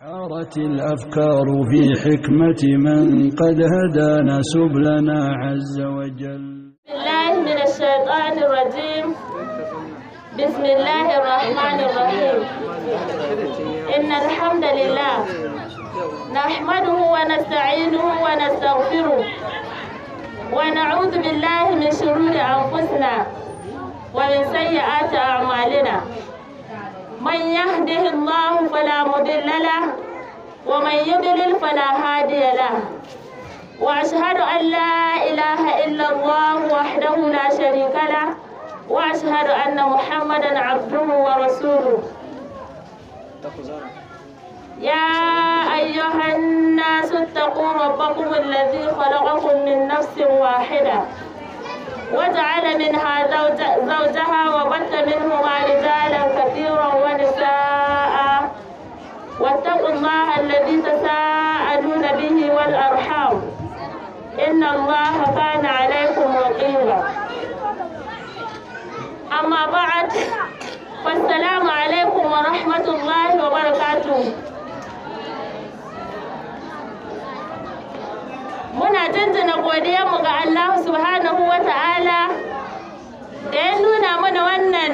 حارت الأفكار في حكمة من قد هدانا سبلنا عز وجل الله من الشيطان الرجيم بسم الله الرحمن الرحيم إن الحمد لله نحمده ونستعينه ونستغفره ونعوذ بالله من شرور أنفسنا ومن سيئات أعمالنا من يهده الله فلا مضل له ومن يضلل فلا هادي له وأشهد أن لا إله إلا الله وحده لا شريك له وأشهد أن محمدا عبده ورسوله يا أيها الناس اتقوا ربكم الذي خلقكم من نفس واحدة وجعل منها زوجها وبث منهما رجالا كثيرا ونساء واتقوا الله الذي تساءلون به والأرحام إن الله كان عليكم رقيبا أما بعد فالسلام عليكم ورحمة الله وبركاته muna jinjina godiyarmu ga Allah subhanahu wa ta'ala da ya nuna mana wannan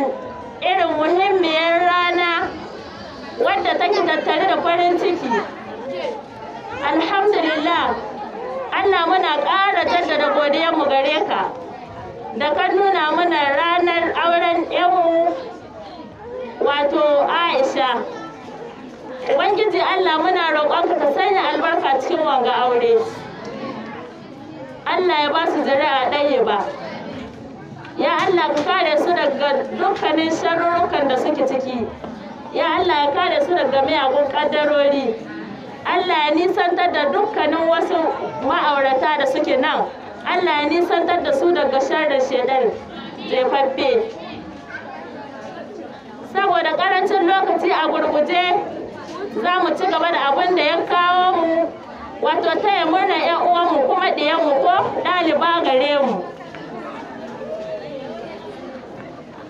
irin muhimmiyar rana wadda take tattare da farin ciki alhamdulillah Allah muna ƙara jaddada godiyarmu gare ka da ka nuna mana ranar auren yanmu wato Aisha Ubangiji Allah muna roƙonka ka sanya albarka cikin wanga aure. Allah ya ba su zuri'a ɗaya ba ya Allah ka kare su daga dukkanin sharurrukan da suke ciki ya Allah ya kare su daga miyagun ƙaddarori Allah ya nisantar da dukkanin wasu ma'aurata da suke nan Allah ya nisantar da su daga sharrin shaidan jefaffe saboda ƙarancin lokaci a gurguje za mu ci gaba da abin da ya kawo wato taya murna yan uwanmu kuma ɗiyanmu ko ɗaliba gare mu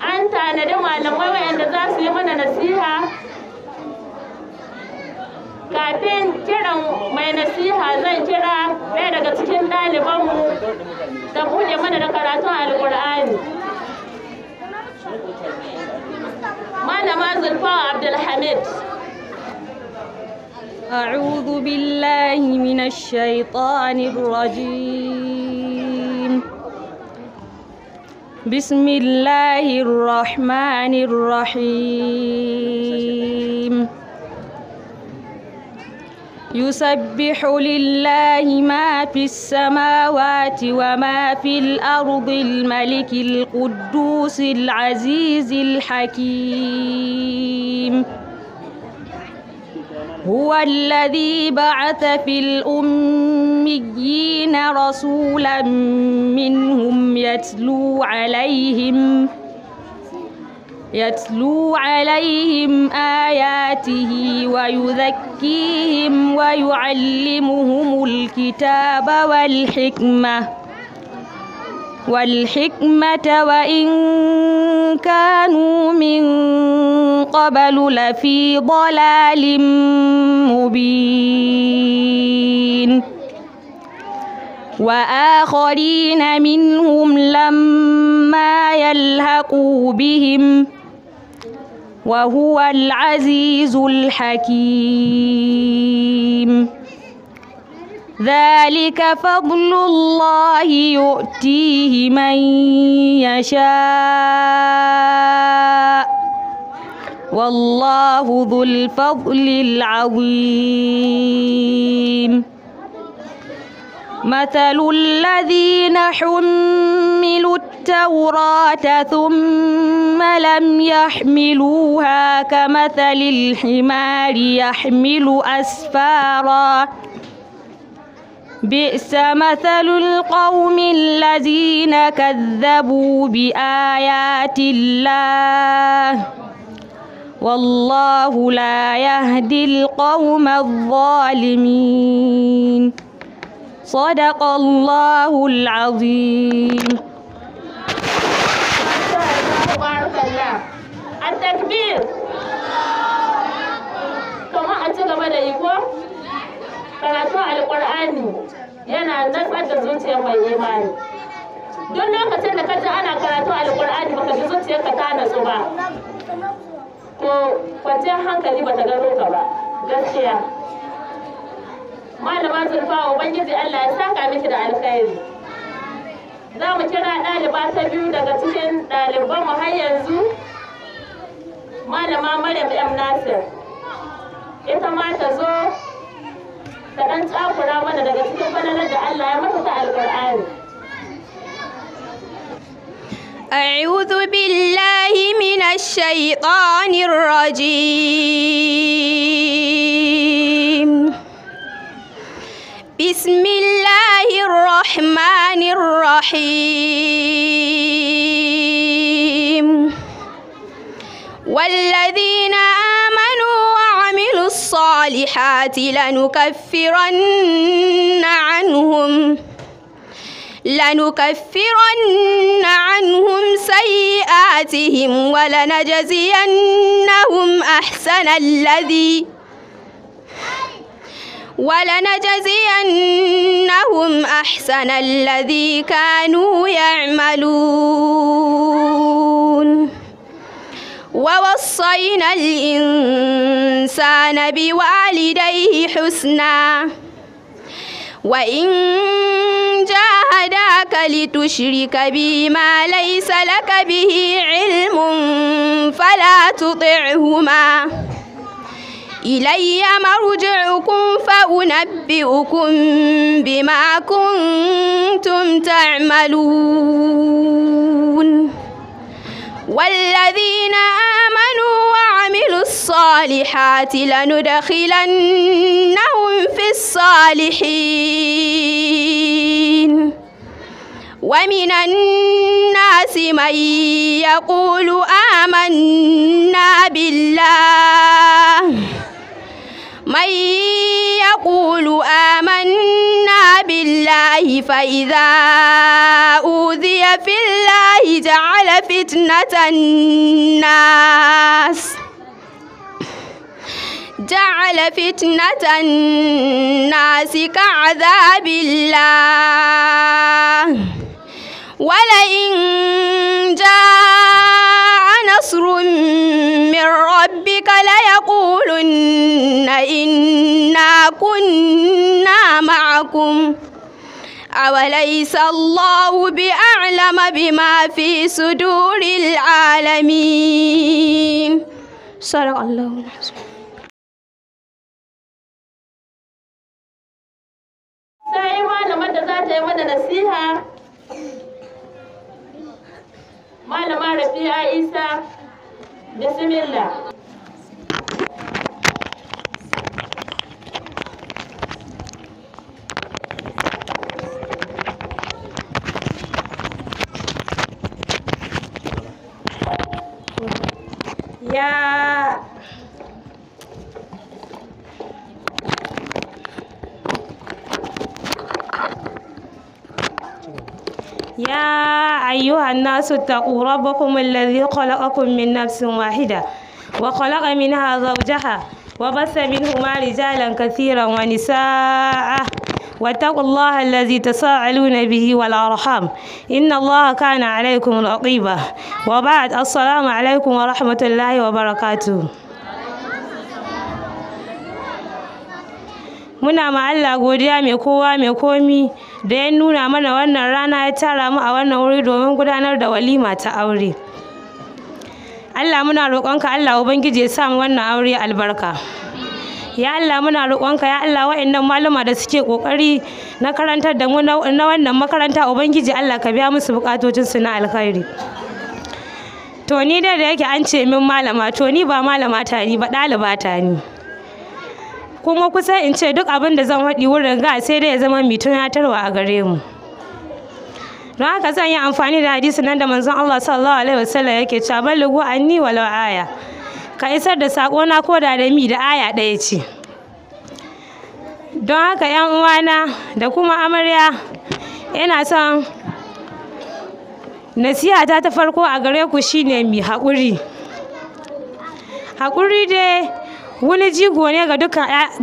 an tanadi malamai waɗanda za su yi mana nasiha kafin kiran mai nasiha zan kira ɗaya daga cikin ɗalibanmu da buɗe mana da karatun alƙur'ani malama zulfawa abdulhamid أعوذ بالله من الشيطان الرجيم بسم الله الرحمن الرحيم يسبح لله ما في السماوات وما في الأرض الملك القدوس العزيز الحكيم هو الذي بعث في الأميين رسولا منهم يتلو عليهم يتلو عليهم آياته ويزكيهم ويعلمهم الكتاب والحكمة والحكمة وإن كانوا من قبل لفي ضلال مبين وآخرين منهم لما يلهقوا بهم وهو العزيز الحكيم ذلك فضل الله يؤتيه من يشاء والله ذو الفضل العظيم مثل الذين حملوا التوراة ثم لم يحملوها كمثل الحمار يحمل أسفارا بئس مثل القوم الذين كذبوا بآيات الله والله لا يهدي القوم الظالمين صدق الله العظيم التكبير كما كما إيقوة karatu alƙur'ani yana natsar da zuciyar mai imani duk lokacin da ka ji ana karatu alƙur'ani baka ji zuciyar ta natsu ba to kwanciyar hankali bata gano ka ba gaskiya malama zulfa ubangiji Allah ya saka miki da alkhairi za mu kira ɗaliba ta biyu daga cikin ɗaliban mu har yanzu malama maryam m nasir ita ma ta zo أعوذ بالله من الشيطان الرجيم بسم الله الرحمن الرحيم والذين آمنوا وعملوا الصالحات لنكفرن عنهم لنكفرن عنهم سيئاتهم ولنجزينهم أحسن الذي ولنجزينهم أحسن الذي كانوا يعملون ووصينا الإنسان بوالديه حسنا وإن جاهداك لتشرك بي ما ليس لك به علم فلا تطعهما إلي مرجعكم فأنبئكم بما كنتم تعملون والذين آمنوا وعملوا الصالحات لندخلنهم في الصالحين ومن الناس من يقول آمنا بالله من يقول آمنا آمنا بالله فإذا أوذي في الله جعل فتنة الناس جعل فتنة الناس كعذاب الله ولئن جاء نصر من ربك ليقولن إنا كنا معكم أوليس الله بأعلم بما في صدور العالمين صلى الله عليه وسلم malamar da za mana malama rabi'a isa bismillah ya يا أيها الناس اتقوا ربكم الذي خلقكم من نفس واحدة وخلق منها زوجها وبث منهما رجالا كثيرا ونساء واتقوا الله الذي تساءلون به والأرحام إن الله كان عليكم رقيبا وبعد السلام عليكم ورحمة الله وبركاته Muna ma Allah godiya mai kowa mai komi da ya nuna mana wannan rana ya tara mu a wannan wuri domin gudanar da walima ta aure. Allah muna roƙonka Allah Ubangiji ya sa mu wannan aure albarka. Ya Allah muna roƙonka ya Allah waɗannan malama da suke ƙoƙari na karantar da na wannan makaranta Ubangiji Allah ka biya musu buƙatocinsu na alkhairi. To ni dai da yake an ce min malama to ni ba malama ta ni ba ɗaliba ta ni. kuma kusa in ce duk abin da zan haɗi wurin ga sai dai ya zama mai tunatarwa a gare mu don haka zan yi amfani da hadisi nan da manzon Allah sallallahu alaihi wasallam yake cewa ballighu anni wala aya ka isar da sako na ko da da mi da aya ɗaya ce don haka yan uwana da kuma amarya ina son nasiha ta ta farko a gare ku shine mi haƙuri haƙuri dai wani jigo ne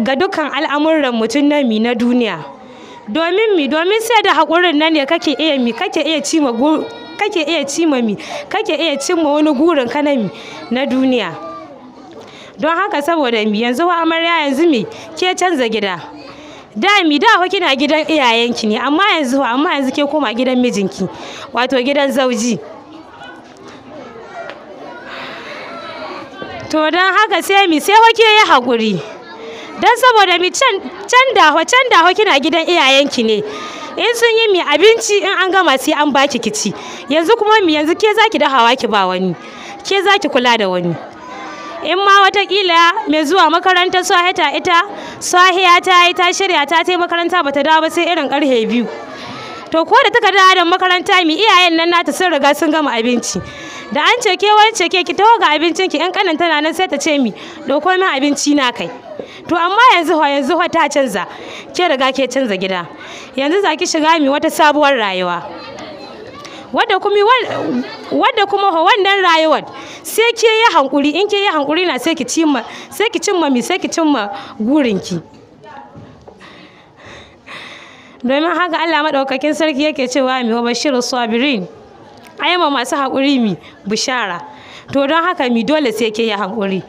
ga dukkan al'amuran mutum na mi na duniya domin mi domin sai da haƙurin nan ne kake iya mi kake iya cima kake iya cima mi kake iya cimma wani gurin ka na mi na duniya don haka saboda mi yanzu wa amarya yanzu mi ke canza gida da mi da kina gidan iyayenki ne amma yanzu amma yanzu ke koma gidan mijinki wato gidan zauji to don haka sai mi sai hoke ya haƙuri don saboda mi can d'aho can kina gidan iyayenki ne in sun yi mi abinci in an gama sai an baki kici yanzu kuma mi yanzu ke zaki hawa ki ba wani ke zaki kula da wani in ma watakila mai zuwa makaranta swahita ita sahiya ta yi ta shirya ta ta makaranta ba ta dawo ba sai irin karfe biyu to ko da ta dawo da makaranta mi iyayen nan nata sun riga sun gama abinci da an ce ke wance ke ki taho ga abincin ki yan kanan tana nan sai ta ce mi dauko min abinci na kai to amma yanzu ho yanzu ho ta canza ke riga ke canza gida yanzu za ki shiga mi wata sabuwar rayuwa wadda kuma wadda kuma ho wannan rayuwar sai ke yi hankuri in ke yi hankuri na sai ki cimma sai ki cimma mi sai ki cimma ki. domin haka Allah madaukakin sarki yake cewa mi wa bashirus sabirin ai ma masu haƙuri mi bishara to don haka mi dole sai ke yi haƙuri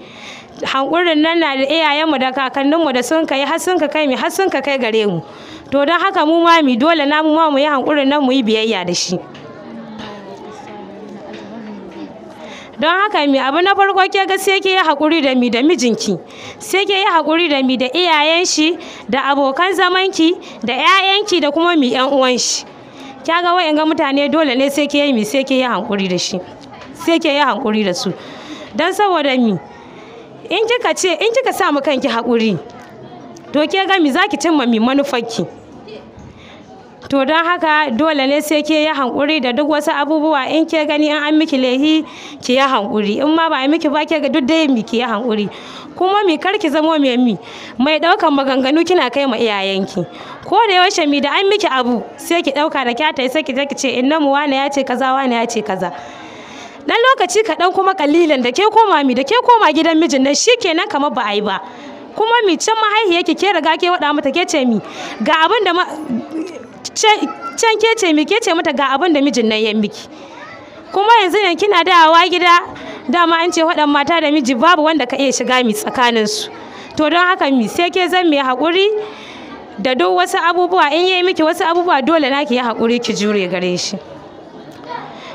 hankurin nan na da mu da kakannin mu da sun kai har sun kai mi har sun kai gare mu to don haka mu ma mi dole na mu ma mu yi hankurin nan mu yi biyayya da shi don haka mi abu na farko ke ga sai ke yi haƙuri da mi da mijinki sai ke yi haƙuri da mi da iyayen shi da abokan zamanki da 'ya'yanki da kuma mi 'yan uwan shi kyaga ga mutane dole ne sai ke yi mi sai ke yi hankuri da shi sai ke yi hankuri da su don saboda mi in kika ce in kika sa mu kanki haƙuri to ke ga mi zaki cimma mi manufarki to don haka dole ne sai ke yi hankuri da duk wasu abubuwa in ke gani in an miki lehi ki yi hankuri in ma ba a miki ba ke ga duk dai mi ki yi hankuri kuma mi kar ki zamo mai mi mai daukan maganganu kina kai ma iyayenki ko da yaushe mi da an miki abu sai ki dauka da kyata sai ki je ki ce inna mu wani ya ce kaza wani ya ce kaza dan lokaci kaɗan kuma kalilan da ke koma mi da ke koma gidan mijin nan shikenan kamar ba a yi ba kuma mi can mahaihiyarki ke riga ke wada mata ke ce mi ga abin da can ke ce mi ke ce mata ga abin da mijin nan ya miki kuma yanzu ne kina dawowa gida dama an ce waɗan mata da miji babu wanda ka iya shiga mi tsakanin su to don haka mi sai ke zan mai haƙuri da duk wasu abubuwa in yi miki wasu abubuwa dole na ki yi haƙuri ki jure gare shi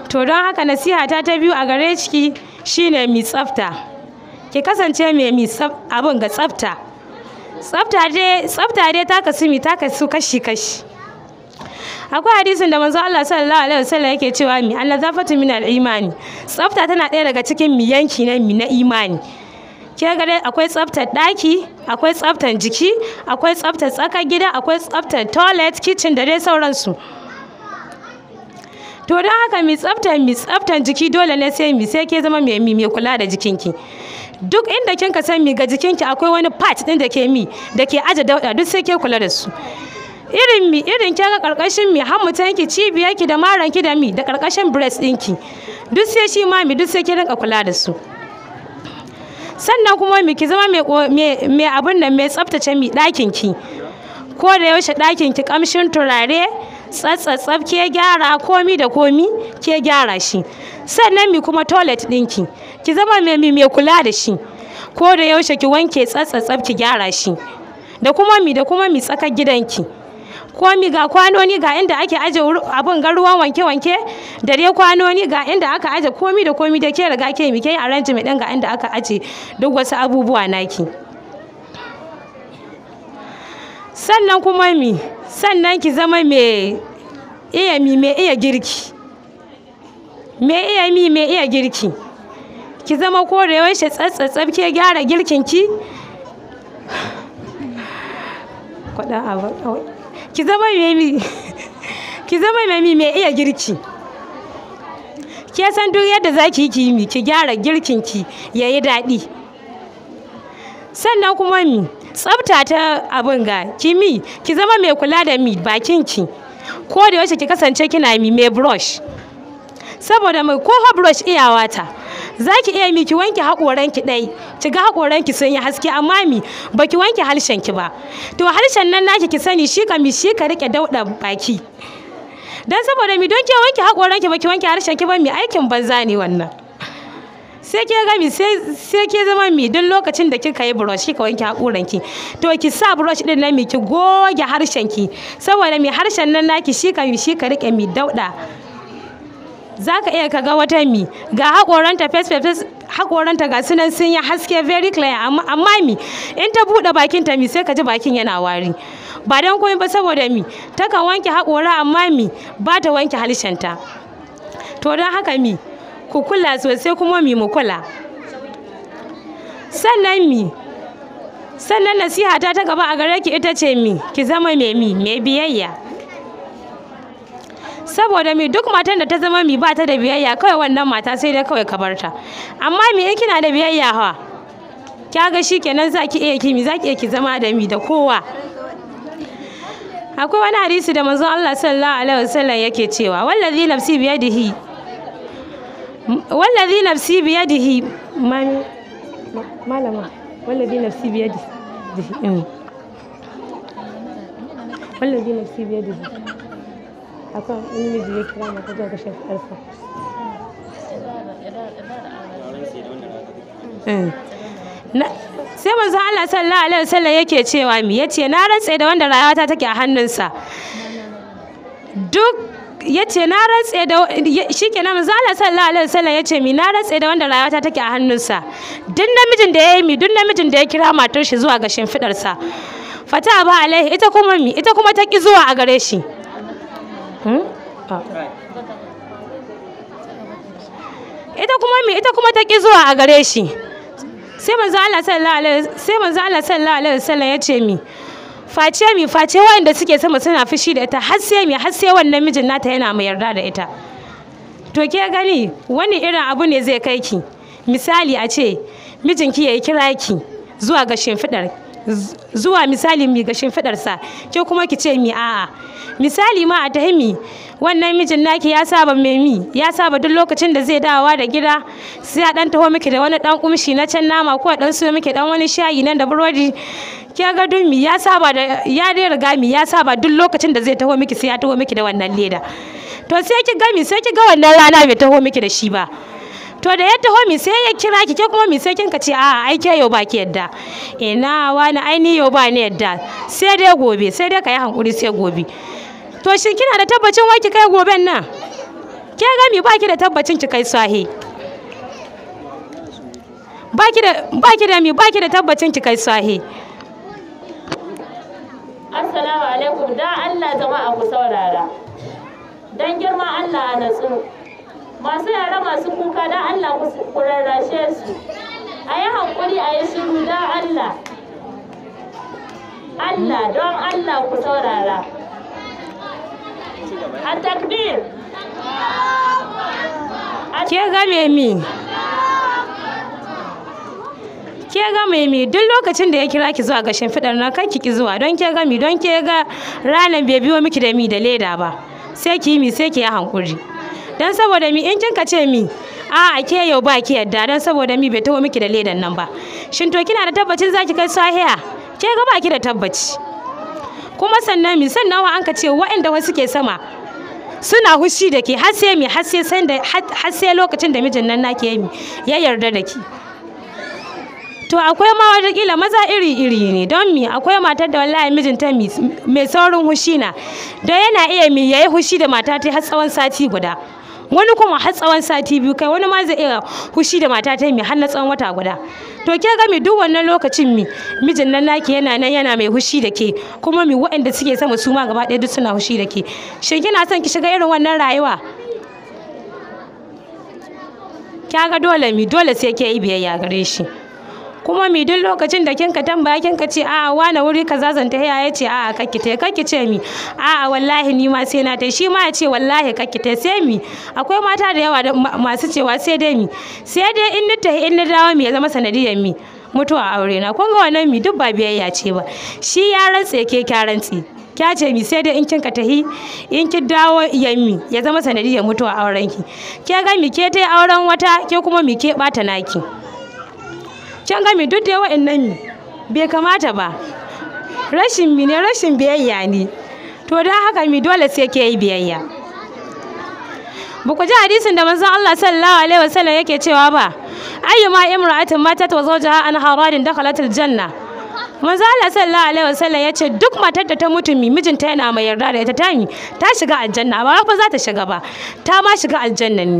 to don haka nasiha ta ta biyu a gare ciki shine mi tsafta ki kasance mai mi abin ga tsafta tsafta dai ta kasu mi ta kasu kashi kashi akwai hadisin da manzo Allah sallallahu alaihi wasallam yake cewa mi Allah zafatu min al-imani tsafta tana ɗaya daga cikin mi yanki na mi na imani ke ga dai akwai tsaftar daki, akwai tsaftar jiki akwai tsaftar tsakar gida akwai tsaftar toilet kitchen da dai sauransu to don haka mi tsafta mi tsaftar jiki dole ne sai mi sai ke zama mai mi mai kula da jikinki duk inda kinka san mi ga jikinki akwai wani part din da ke mi da ke aje dauda duk sai ke kula da su irin mi irin ke ga karkashin mi har mutan ki cibiyar ki da maran ki da mi da karkashin breast ki duk sai shi ma mi duk sai ki rinka kula da su sannan kuma mi ki zama mai abin nan mai tsaftace mi ɗakin ki ko da yaushe ɗakin ki kamshin turare tsatsatsaf ke gyara komi da komi ke gyara shi sannan mi kuma toilet din ki ki zama mai mai kula da shi ko da yaushe ki wanke tsatsatsaf ki gyara shi da kuma mi da kuma mi tsakar gidanki komi ga kwanoni ga inda ake aje abun ga ruwan wanke-wanke da dai kwanoni ga inda aka aje komi da komi da ke riga ke mike ke arrangement din ga inda aka aje duk wasu abubuwa naki sannan kuma mi sannan ki zama mai iya mi mai iya girki mai iya mi mai iya girki ki zama ko da yaushe tsatsatsab ke gyara girkin ki kwaɗa a ki zama mai ki zama mai mai iya girki ke san duk yadda za ki yi ki ki gyara girkin ki ya yi daɗi sannan kuma mi tsafta ta abin ga ki mi ki zama mai kula da mi bakin ki ko da yaushe ki kasance kina mi mai brush saboda mai ko brush iyawa ta za ki iya miki ki wanke haƙoran ki ɗai ki ga haƙoran ki sun yi haske amma mi ba ki wanke harshen ki ba to harshen nan naki ki sani shi ka mi shi ka rike dauɗa baki dan saboda mi don ke wanke haƙoran ki ba ki wanke harshen ki ba mi aikin banza ne wannan sai ke gami sai ke zama mi duk lokacin da kika yi brush kika wanke haƙoran ki to ki sa brush din nan mi ki goge harshen ki saboda mi harshen nan naki shi ka mi shi ka rike mi dauɗa za ka iya kaga wata mi ga haƙoranta face fes haƙoranta ga sunan sun yi haske very clear amma mi in ta buɗe bakin ta mi sai ka ji bakin yana wari ba don komai ba saboda mi takan wanke haƙora amma mi ba ta wanke ta. to don haka mi ku kula sosai kuma mi mu kula sannan mi sannan nasiha ta ta gaba a gare ki ita ce mi ki zama mai mi mai biyayya saboda mi duk matan da ta zama mi ba ta da biyayya kawai wannan mata sai dai kawai ka bar ta amma mi in kina da biyayya fa, kya ga za zaki iya ki mi zaki iya ki zama da mi da kowa akwai wani hadisi da manzon Allah sallallahu alaihi wasallam yake cewa wallazi nafsi biyadihi wallazi nafsi biyadihi malama wallazi nafsi biyadihi wallazi nafsi biyadihi akan in miji ya kira mata zuwa ga na sai manzo Allah sallallahu alaihi wasallam yake cewa mi yace na rantse da wanda rayuwata take a hannunsa duk yace na rantse da shikenan manzo Allah sallallahu alaihi wasallam yace mi na rantse da wanda rayuwata take a hannunsa duk namijin da yayi mi duk namijin da ya kira matar shi zuwa ga shimfidar sa fata ba alaihi ita kuma mi ita kuma ta ki zuwa a gare shi Hmm? Ah. ita kuma me ita kuma ta ki zuwa a gare shi sai manzo Allah sallallahu alaihi sai manzo Allah sallallahu alaihi wasallam ya ce mi face mi face wanda suke sama suna fushi da ita har sai mi har sai wannan mijin nata yana mai yarda da ita to ke gani wani irin abu ne zai kai ki misali a ce mijinki ya kira ki zuwa ga shimfidar zuwa misali mi ga sa ke kuma ki ce mi a'a misali ma a tahimi wannan mijin naki ya saba memi ya saba duk lokacin da zai dawowa da gida sai ya dan taho miki da wani dan kumshi na can nama ko dan so miki dan wani shayi nan da burodi ke ga dummi ya saba da ya dai riga mi ya saba duk lokacin da zai taho miki sai ya taho miki da wannan leda to sai ki gami sai ki ga wannan rana bai taho miki da shi ba to da yadda homi sai ya kira ki ke kuma mi sai kin ka ce a ai ke yau ba ki yadda ina wani ai ni yau ba ni yadda sai dai gobe sai dai ka yi hankuri sai gobe to shin kina da tabbacin wai ki kai goben nan ke gami mi baki da tabbacin ki kai sahi Baki da baki da mi baki da tabbacin ki kai sahi assalamu alaikum da Allah jama'a ku saurara dan girma Allah a natsu masu yara masu kuka da Allah ku rarrashe su a yi hankuri a yi shiru da Allah Allah don Allah ku saurara a takbir ke game mi ke game mi duk lokacin da ya kira ki zuwa ga shimfiɗar na kan ki zuwa don ke mi, don ke ga ranar bai biyo miki da mi da leda ba sai ki yi mi sai ki yi hankuri don saboda mi in kin ka ce mi a a ke yau ba ki yadda don saboda mi bai taho miki da ledan nan ba shin to kina da tabbacin za ki kai sahiya ke ga ba ki da tabbaci kuma sannan mi sannan wa an ka ce wa'anda wasu ke sama suna hushi da ke har sai mi har sai lokacin da mijin nan nake mi ya yarda da ki to akwai ma kila maza iri-iri ne don mi akwai matar da wallahi mijinta mai saurin hushi na da yana iya mi yayi hushi da mata ta har tsawon sati guda wani kuma har tsawon sati biyu kai wani ma zai iya hushi da mata ta mi har na tsawon wata guda to ke ga mi duk wannan lokacin mi mijin nan naki yana nan yana mai hushi da ke kuma mi waɗanda suke sama su ma gaba ɗaya duk suna hushi da ke shin kina son ki shiga irin wannan rayuwa kya ga dole mi dole sai ke yi biyayya gare shi kuma mi duk lokacin da kinka tambaya kinka ce a'a wani wuri ka zan ta ya ce a kakki tai kakki ce mi a wallahi ni ma sai na tai shi ma ya ce wallahi kakki tai sai mi akwai mata da yawa masu cewa sai dai mi sai dai in ni in na dawo mi ya zama sanadiyar mi mutuwa aure na kun ga wannan mi duk ba biyayya ce ba shi ya rantse ke ka rantse kya ce mi sai dai in kinka tahi in ki dawo yammi ya zama sanadiyar mutuwa aurenki ke ga mi ke tai auren wata ke kuma mi ke bata naki kin ga duk da wa'annan mi bai kamata ba rashin mi ne rashin biyayya ne to don haka mi dole sai ke yi biyayya ba ku ji hadisin da manzon Allah sallallahu alaihi wasallam yake cewa ba ayyuma imra'atin matat wa zawjaha an haradin dakhalat aljanna manzon Allah sallallahu alaihi wasallam yace duk matar da ta mutu mi mijinta yana mai yarda da ita ta ta shiga aljanna ba fa za ta shiga ba ta ma shiga aljanna ne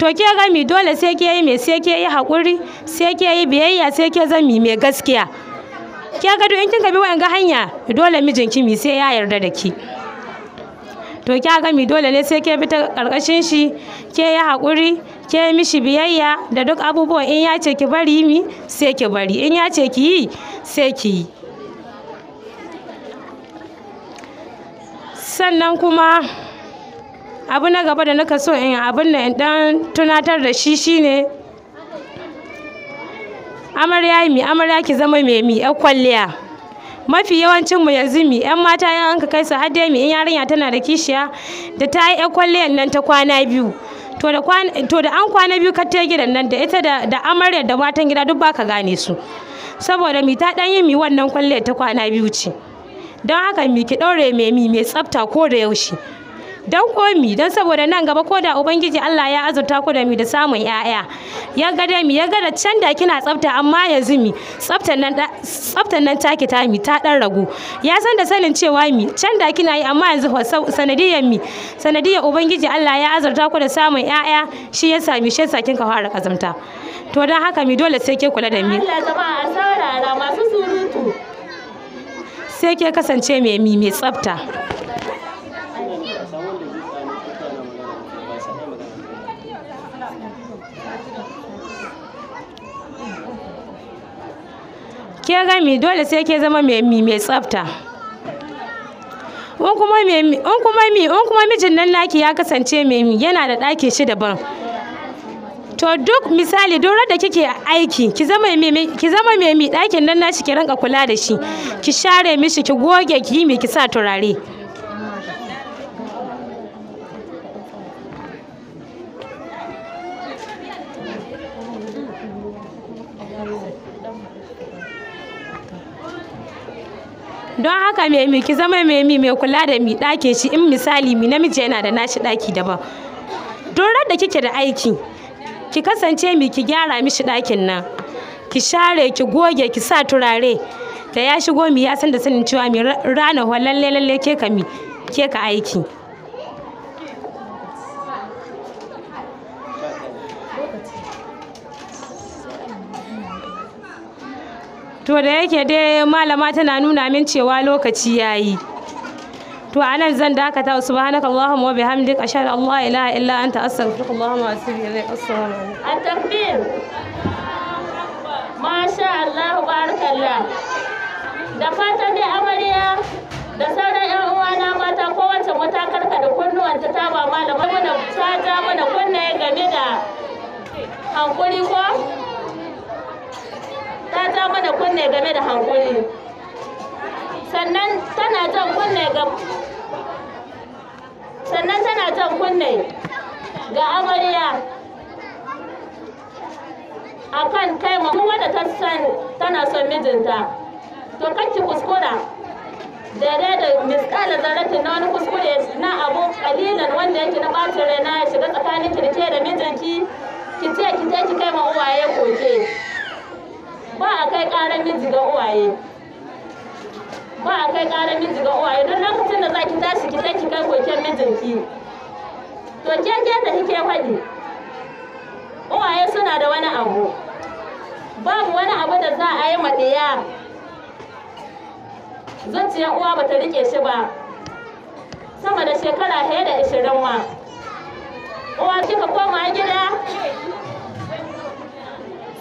to ke gami dole sai ke yi mai sai ke yi haƙuri sai ke yi biyayya sai ke zami mai gaskiya ke gado in kin bi wa ga hanya dole mijinki mi sai ya yarda da ki to ki ga mi dole ne sai ke bi ta karkashin shi ke ya haƙuri ke mishi biyayya da duk abubuwa in ya ce ki bari mi sai ki bari in ya ce ki yi sai ki yi sannan kuma abu na gaba da naka so in abin da in dan tunatar da shi shine amarya mi amarya ki zama mai mi yan kwalliya mafi yawancin mu yanzu mi yan mata yan anka kai su har mi in yarinya tana da kishiya da ta yi yan kwalliyan nan ta kwana biyu to da an kwana biyu ka ta gidan nan da ita da amarya da matan gida duk baka gane su saboda mi ta dan yi mi wannan kwalliyar ta kwana biyu ce don haka mi ki daure mai mi mai tsafta ko da yaushe Don komi don saboda nan gaba ko da ubangiji Allah ya azurta ku da mi da samun ƴaƴa ya ga da mi ya ga da can da kina tsafta amma yanzu mi tsaftan nan tsaftan nan take ta mi ta dan ragu ya san da sanin cewa mi can da kina yi amma yanzu sanadiyar mi sanadiyar ubangiji Allah ya azurta ku da samun ƴaƴa shi ya sami shi yasa kin ka fara kazamta to don haka mi dole sai ke kula da mi Allah jama'a sarara masu surutu sai ke kasance mai mi mai tsafta ke gami dole sai ke zama mai mai tsafta in kuma mi in kuma mijin nan naki ya kasance mai mi yana da ɗaki shi daban to duk misali duk da kike aiki ki zama mai ki zama mai mi ɗakin nan nashi ki ranka kula da shi ki share mishi ki goge ki yi ki sa turare don haka mai mi ki zama mai mi mai kula da mi dake shi in misali mi namiji yana da nashi ɗaki daban dorar da kike da aiki ki kasance mi ki gyara mishi ɗakin nan ki share ki goge ki sa turare da ya shigo mi ya san da sanin cewa mi rana lalle lalle ke ka mi ke ka aiki to da yake dai malama tana nuna min cewa lokaci ya yi. to a nan zan dakata subhanaka Allah wa ila ashhadu an la ilaha illa anta astaghfiruka allahumma wa atubu ilaik wani alaikum tafiyar ma masha Allah barakallah da fatan dai amarya da sauran yan uwa na mata kowace mata karka da kunnuwan ta ba malama mana ta ja mana kunne game da hankuri ko ta ja mana kunne game da hankuli sannan tana jan kunne ga sannan tana jan kunne ga amarya akan kai mu wanda ta san tana son mijinta to ki kuskura dare da miskala zaratin na wani kuskure na abu kalilan wanda yake na bacin rai na shiga tsakanin ki da mijinki ki ce ki ce ki kai ma uwaye koke ba a kai ƙarar miji ga uwaye ba a kai ƙarar miji uwaye don lokacin da za ki tashi ki sai ki kai koken mijinki to ke ke da kike faɗi uwaye suna da wani abu babu wani abu da za a yi maɗiya. ɗiya zuciyar uwa ba ta riƙe shi ba sama da shekara fiye da ishirin ma uwa kika koma gida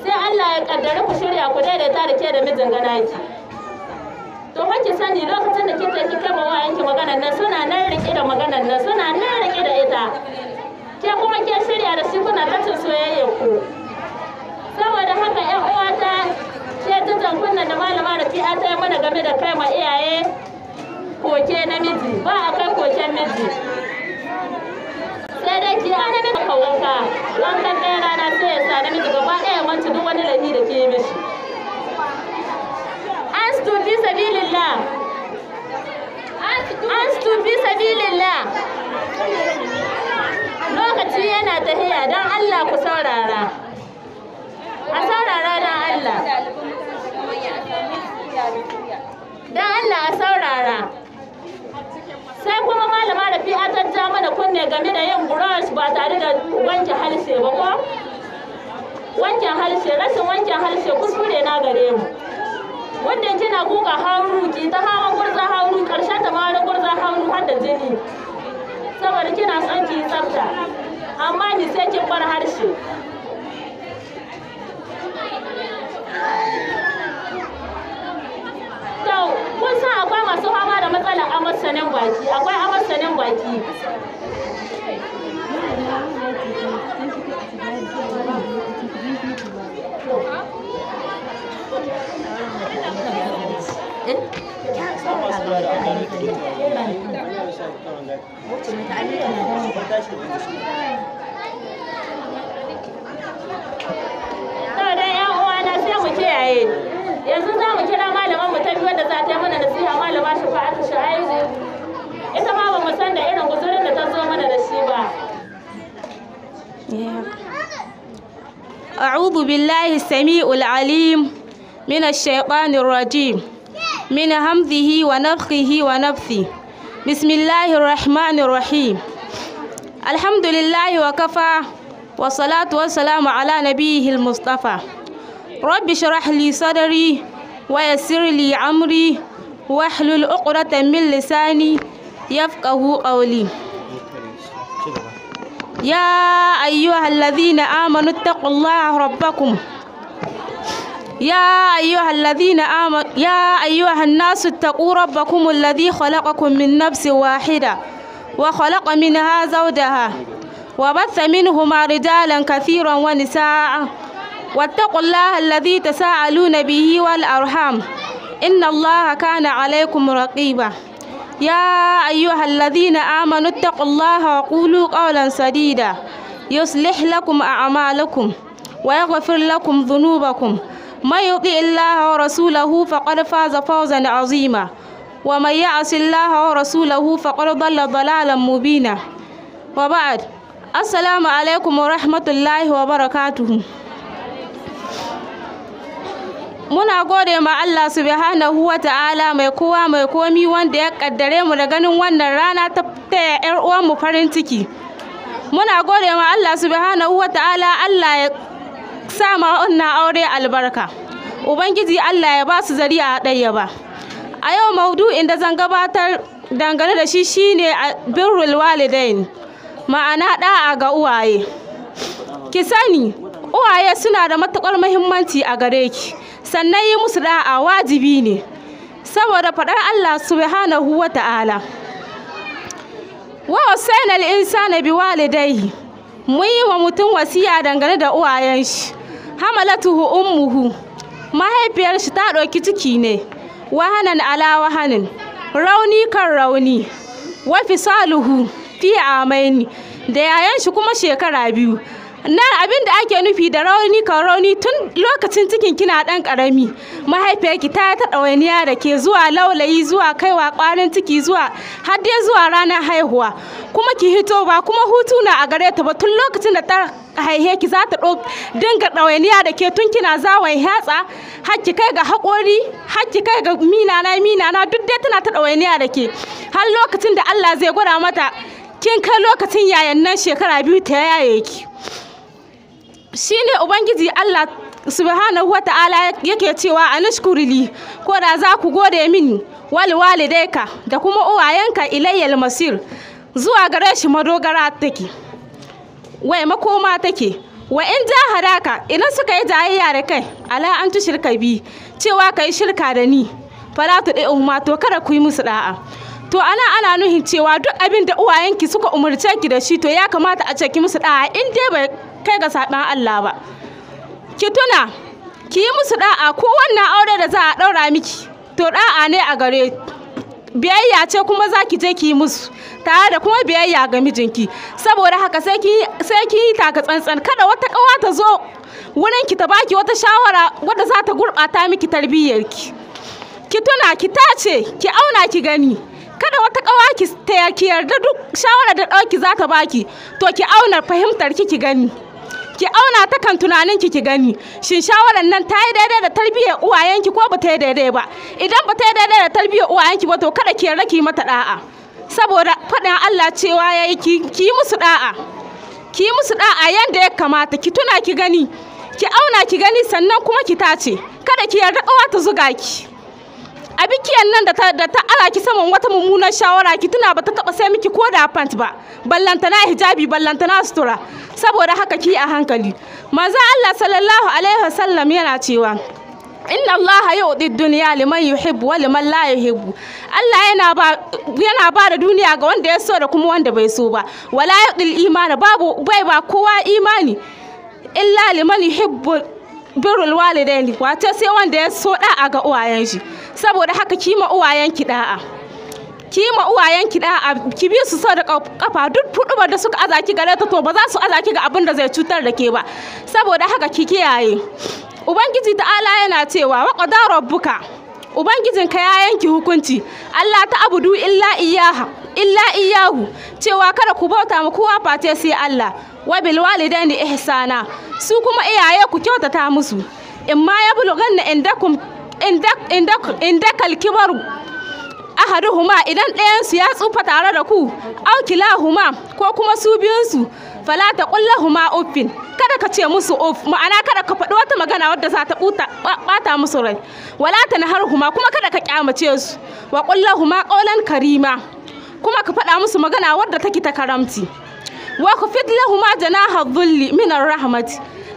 sai Allah ya kaddara ku shirya ku daidaita da ke da mijin ganaki to ki sani lokacin da kike ki kama yanki maganar nan suna nan rike da maganar nan suna nan rike da ita ke kuma ke shirya da shi kuna ta soyayya ku saboda haka yan uwata ke ta kunna da malama da fi'a ta mana game da kai ma iyaye koke namiji ba a kai koken miji sai dai ki ana miki ka wanka wankan ɗaya rana sai ya da miki gaba ɗaya wancan duk wani lahi da ke yi mishi an stu fi sabilillah an stu fi sabilillah lokaci yana tahiya don Allah ku saurara a saurara don Allah don Allah a saurara sai kuma malama da ta ja mana kunne game da yin brush ba tare da wanke halse ba ko Wanke halse rashin wanke halse kuskure na gare mu wannan kina kuka hannu ki ta hawan gurza hannu karshen ta ma wani gurza hannu har da jini saboda kina son ki tsafta amma ni sai kin bar harshe so kun san akwai masu fama da matsalar amar sanin baki akwai amar sanin baki eh? Tau dai 'yan uwana sai mu kiyaye. yanzu za mu kira malamar mu ta biyu wadda za ta yi mana nasiha malama shafa'atu shaizu ita ma ba mu san da irin guzurin da ta zo mana da shi ba أعوذ بالله السميع العليم من الشيطان الرجيم من همزه ونفخه ونفثه بسم الله الرحمن الرحيم الحمد لله وكفى والصلاة والسلام على نبيه المصطفى رب اشرح لي صدري ويسر لي عمري واحلل عقدة من لساني يفقه قولي يا أيها الذين آمنوا اتقوا الله ربكم يا أيها الذين آمنوا يا أيها الناس اتقوا ربكم الذي خلقكم من نفس واحدة وخلق منها زوجها وبث منهما رجالا كثيرا ونساء واتقوا الله الذي تساءلون به والأرحام إن الله كان عليكم رقيبا يا أيها الذين آمنوا اتقوا الله وقولوا قولا سديدا يصلح لكم أعمالكم ويغفر لكم ذنوبكم من يطع الله ورسوله فقد فاز فوزا عظيما ومن يعص الله ورسوله فقد ضل ضلالا مبينا وبعد السلام عليكم ورحمة الله وبركاته Muna gode ma Allah subhanahu wa ta'ala mai kowa mai komi wanda ya kaddare mu da ganin wannan rana ta taya 'yar uwanmu farin ciki. Muna gode ma Allah subhanahu wa ta'ala Allah ya sa ma wannan aure albarka. Ubangiji Allah ya ba su a ɗaya ba. A yau maudu'in da zan gabatar dangane da shi shine birrul walidain ma'ana ɗa'a ga uwaye. Ki sani uwaye suna da matukar muhimmanci a gare ki sannan yi musu da'a wajibi ne saboda faɗar Allah subhanahu wa ta'ala wa wasaina al-insana biwalidayhi mun yi wa mutum wasiya dangane da uwayen shi hamalatuhu ummuhu mahaifiyar shi ta ɗauki ciki ne wahanan ala wahanin rauni kan rauni wa fisaluhu fi amaini da yayan shi kuma shekara biyu nan abin da ake nufi da rauni kan rauni tun lokacin cikin kina dan karami mahaifiyarki ta ta ɗawainiya da ke zuwa laulayi zuwa kaiwa ƙwarin ciki zuwa har dai zuwa ranar haihuwa kuma ki hito ba kuma hutu na a gare ta ba tun lokacin da ta haihe ki za ta dinga ɗawainiya da ke tun kina zawon yatsa har ki kai ga haƙori har ki kai ga minana minana duk dai tana ta ɗawainiya da ke har lokacin da Allah zai gwada mata kin kai lokacin yayan nan shekara biyu ta yaye ki Shi ne ubangiji Allah subhanahu Ta'ala yake cewa nishkurili ko da za ku gode mini wali wali ka? da kuma uwayenka ilayyar masir zuwa gare shi madogara take wai makoma take wa in jaharaka idan suka yi jayayya da kai ala an ci shirka bi cewa ka yi shirka da ni fala tu da umma to kada ku yi musu da'a to ana ana nuhin cewa duk abin da uwayenki suka umarce ki da shi to ya kamata a ceki musu da'a in dai bai kai ga saɓin Allah ba ki tuna ki yi musu ɗa'a ko wannan aure da za a ɗaura miki to ɗa'a ne a gare biyayya ce kuma za ki je ki yi musu tare da kuma biyayya ga mijinki saboda haka sai ki yi taka tsantsan kada wata kawa ta zo wurin ki ta baki wata shawara wadda za ta gurɓata miki tarbiyyarki ki tuna ki tace ki auna ki gani kada wata kawa ki yarda duk shawara da ɗauki za ta baki to ki auna fahimtar ki ki gani ki auna ta kan tunanin ki ki gani shin shawarar nan ta yi daidai da tarbiyyar uwayenki ko ba ta yi daidai ba idan ba ta yi daidai da tarbiyyar uwayenki ba to kada ki yarda mata da'a saboda faɗin Allah cewa yayi ki ki musu da'a ki musu da'a yanda ya kamata ki tuna ki gani ki auna ki gani sannan kuma ki tace kada ki yarda uwa ta zuga ki a bikiyan nan da ta ala ki saman wata mummunar shawara ki tuna ba ta taba sai miki ko da pant ba ballantana hijabi ballantana sutura saboda haka ki a hankali manzo Allah sallallahu alaihi wasallam yana cewa inna Allah yu'ti dunya liman yuhibbu wa liman la yuhibbu Allah yana ba yana ba da duniya ga wanda ya so da kuma wanda bai so ba wala yu'ti imani babu bai ba kowa imani illa liman yuhibbu birul walidaini wato sai wanda ya so da'a ga uwayen shi saboda haka kima uwayen ki da'a kima uwayen ki da'a ki bi su sau da kafa duk fudubar da suka azaki gare ta to ba za su azaki ga abin da zai cutar da ke ba saboda haka ki kiyaye ubangiji ta'ala yana cewa wa ubangijin rabbuka ka ya yanki hukunci Allah ta abudu illa iyaha illa iyyahu cewa kada ku bauta ma kowa face sai Allah wa bil walidaini ihsana su kuma iyaye ku kyautata musu in ma ya na indakum indakal kibaru ahaduhuma idan ɗayansu ya tsufa tare da ku au kilahuma ko kuma su biyunsu fala ta kullahuma uffin kada ka ce musu uff ma'ana kada ka faɗi wata magana wadda za ta ɓata musu rai wala ta naharhuma kuma kada ka kyamace su wa kullahuma qawlan karima kuma ka faɗa musu magana wadda take ta karamci wa kufid lahuma janaha dhulli min rahmat,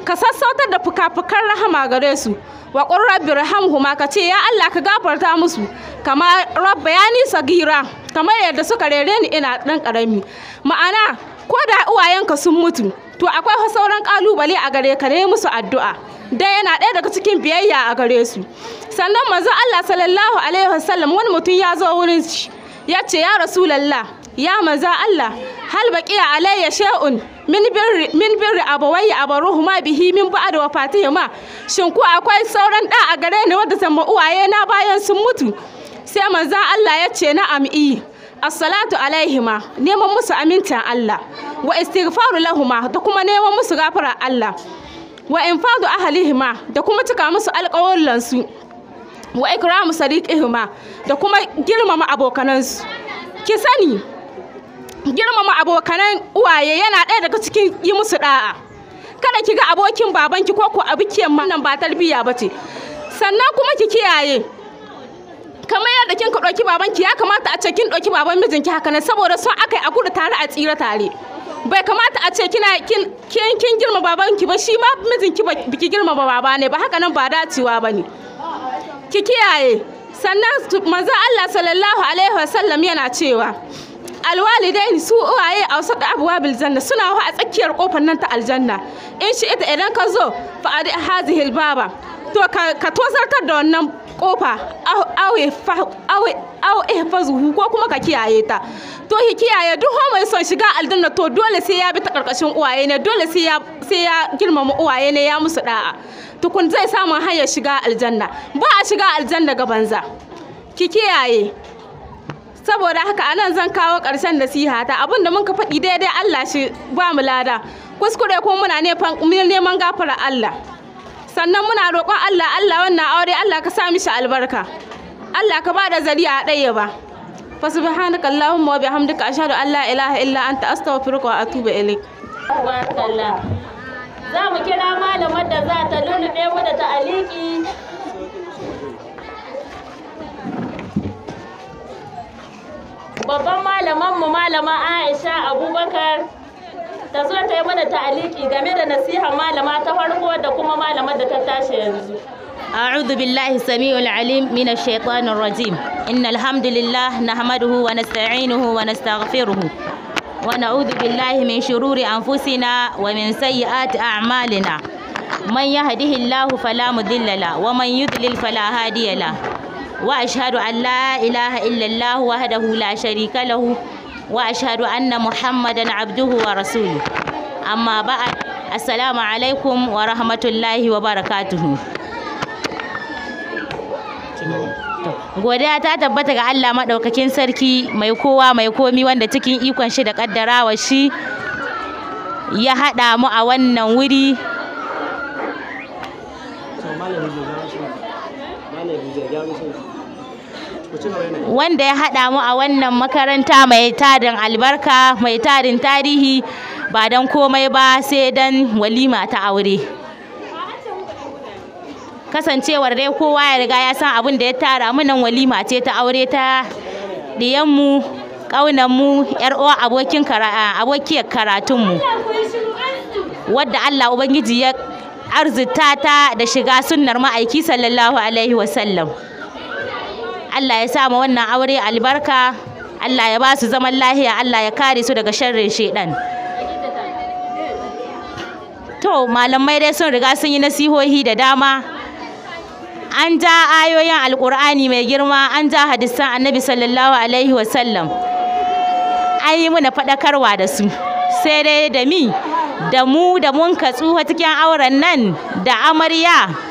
ka sassautar da fukafukan rahama gare su wa qur rabbi rahamhuma ka ce ya Allah ka gafarta musu kama rabba nisa sagira kamar yadda suka rere ni ina dan karami ma'ana ko da uwayenka sun mutu to akwai sauran kalubale a gare ka ne musu addu'a dai yana ɗaya daga cikin biyayya a gare su sannan manzo Allah sallallahu alaihi wasallam wani mutum ya zo wurin shi ya ce ya rasulullah ya manza Allah hal baqiya alayya shay'un min bir min bir abawai abaruhuma bihi min ba'd wafatihima shin ku akwai sauran da a gare ni wanda zan uwaye na bayan sun mutu sai maza Allah ya ce na am'i assalatu alayhima neman musu aminta Allah wa istighfaru lahuma da kuma neman musu gafara Allah wa infadu ahlihima da kuma cika musu su wa ikramu sadiqihima da kuma girmama abokanansu ki sani girmama abokanan uwaye yana ɗaya daga cikin yi musu da'a kada ki ga abokin babanki ko ko abikiyar nan ba tarbiyya ba ce sannan kuma ki kiyaye kamar yadda kin ka ɗauki babanki ya kamata a ce kin ɗauki baban mijinki haka ne saboda son akai a kudu tare a tsira tare bai kamata a ce kina kin kin girma babanki ba shi ma mijinki ba ki girma baba ne ba haka nan ba dacewa ba ne ki kiyaye sannan manzo Allah sallallahu alaihi wasallam yana cewa alwalidaini su uwaye a wasu da abuwa biljanna suna wa a tsakiyar kofar nan ta aljanna in shi ita idan ka zo fa a hazi hilbaba to ka tozartar da wannan kofa aw ihfazuhu ko kuma ka kiyaye ta to ki kiyaye duk mai son shiga aljanna to dole sai ya bi ta karkashin uwaye ne dole sai ya sai ya girmama uwaye ne ya musu da'a tukun zai samu hanyar shiga aljanna ba a shiga aljanna ga banza ki kiyaye saboda haka anan zan kawo ƙarshen nasiha ta da mun ka faɗi daidai Allah shi ba mu lada kuskure ko muna neman gafara Allah sannan muna roƙon Allah Allah wannan aure Allah ka sa mishi albarka Allah ka ba da zariya ɗaya ba fa subhanaka allahumma wa bihamdika ashhadu an la ilaha illa anta astaghfiruka wa atubu ilaik za mu kira malamar da za ta lullube mu da ta'aliki babban malamanmu malama aisha abubakar ta zo ta yi mana ta'aliki game da nasiha malama ta farko da kuma malamar da ta tashi yanzu أعوذ بالله السميع العليم من الشيطان الرجيم إن الحمد لله نحمده ونستعينه ونستغفره ونعوذ بالله من شرور أنفسنا ومن سيئات أعمالنا من يهده الله فلا مضل له ومن يضلل فلا هادي له وأشهد أن لا إله إلا الله وحده لا شريك له وأشهد أن محمدا عبده ورسوله أما بعد السلام عليكم ورحمة الله وبركاته godiya ta tabbata ga Allah maɗaukakin sarki mai kowa mai komi wanda cikin ikon shi da ƙaddarawa shi ya haɗa mu a wannan wuri wanda ya haɗa mu a wannan makaranta mai tarin albarka mai tarin tarihi ba don komai ba sai don walima ta aure kasancewar dai kowa ya riga ya san abin da ya tara munan walima ce ta aure ta ɗiyanmu ƙaunanmu yar uwa abokin karatunmu wadda Allah Ubangiji ya arzita ta da shiga sunnar ma'aiki sallallahu alaihi wasallam. Allah ya sa mu wannan aure albarka Allah ya ba su zaman lahiya Allah ya kare su daga sharrin shedan to malamai dai sun riga sun yi nasihohi da dama an ja ayoyin alkur'ani mai girma an ja hadisan annabi sallallahu alaihi wasallam an yi muna faɗakarwa da su sai dai da mi da mu da mun katsu cikin auren nan da amarya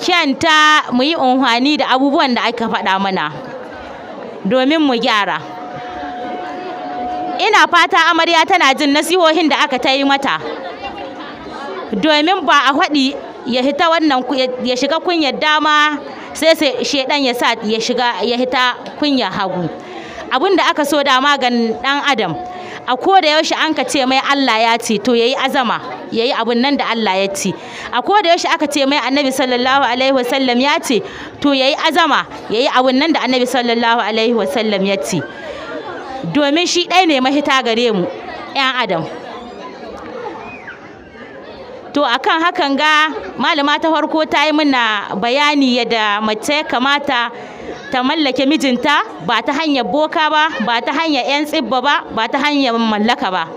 kyanta mu yi unhwani da abubuwan da aka faɗa mana domin mu gyara ina fata amarya tana jin nasihohin da aka ta yi mata domin ba a faɗi ya hita wannan ya shiga kunyar dama sai shaidan ya sa ya shiga ya hita kunyar hagu abin da aka so dama ga ɗan adam a ko da yaushe an ka ce mai Allah ya ce to yayi azama yayi abun nan da Allah ya ce a ko da yaushe aka ce mai Annabi sallallahu alaihi wasallam ya ce to yayi azama yayi abun nan da Annabi sallallahu alaihi wasallam ya ce domin shi ɗaya ne mahita gare mu 'yan adam to akan hakan ga malama ta farko ta yi mana bayani yadda mace kamata ta mallake mijinta ba ta hanyar boka ba ba ta hanyar 'yan tsibba ba ba ta hanyar mallaka ba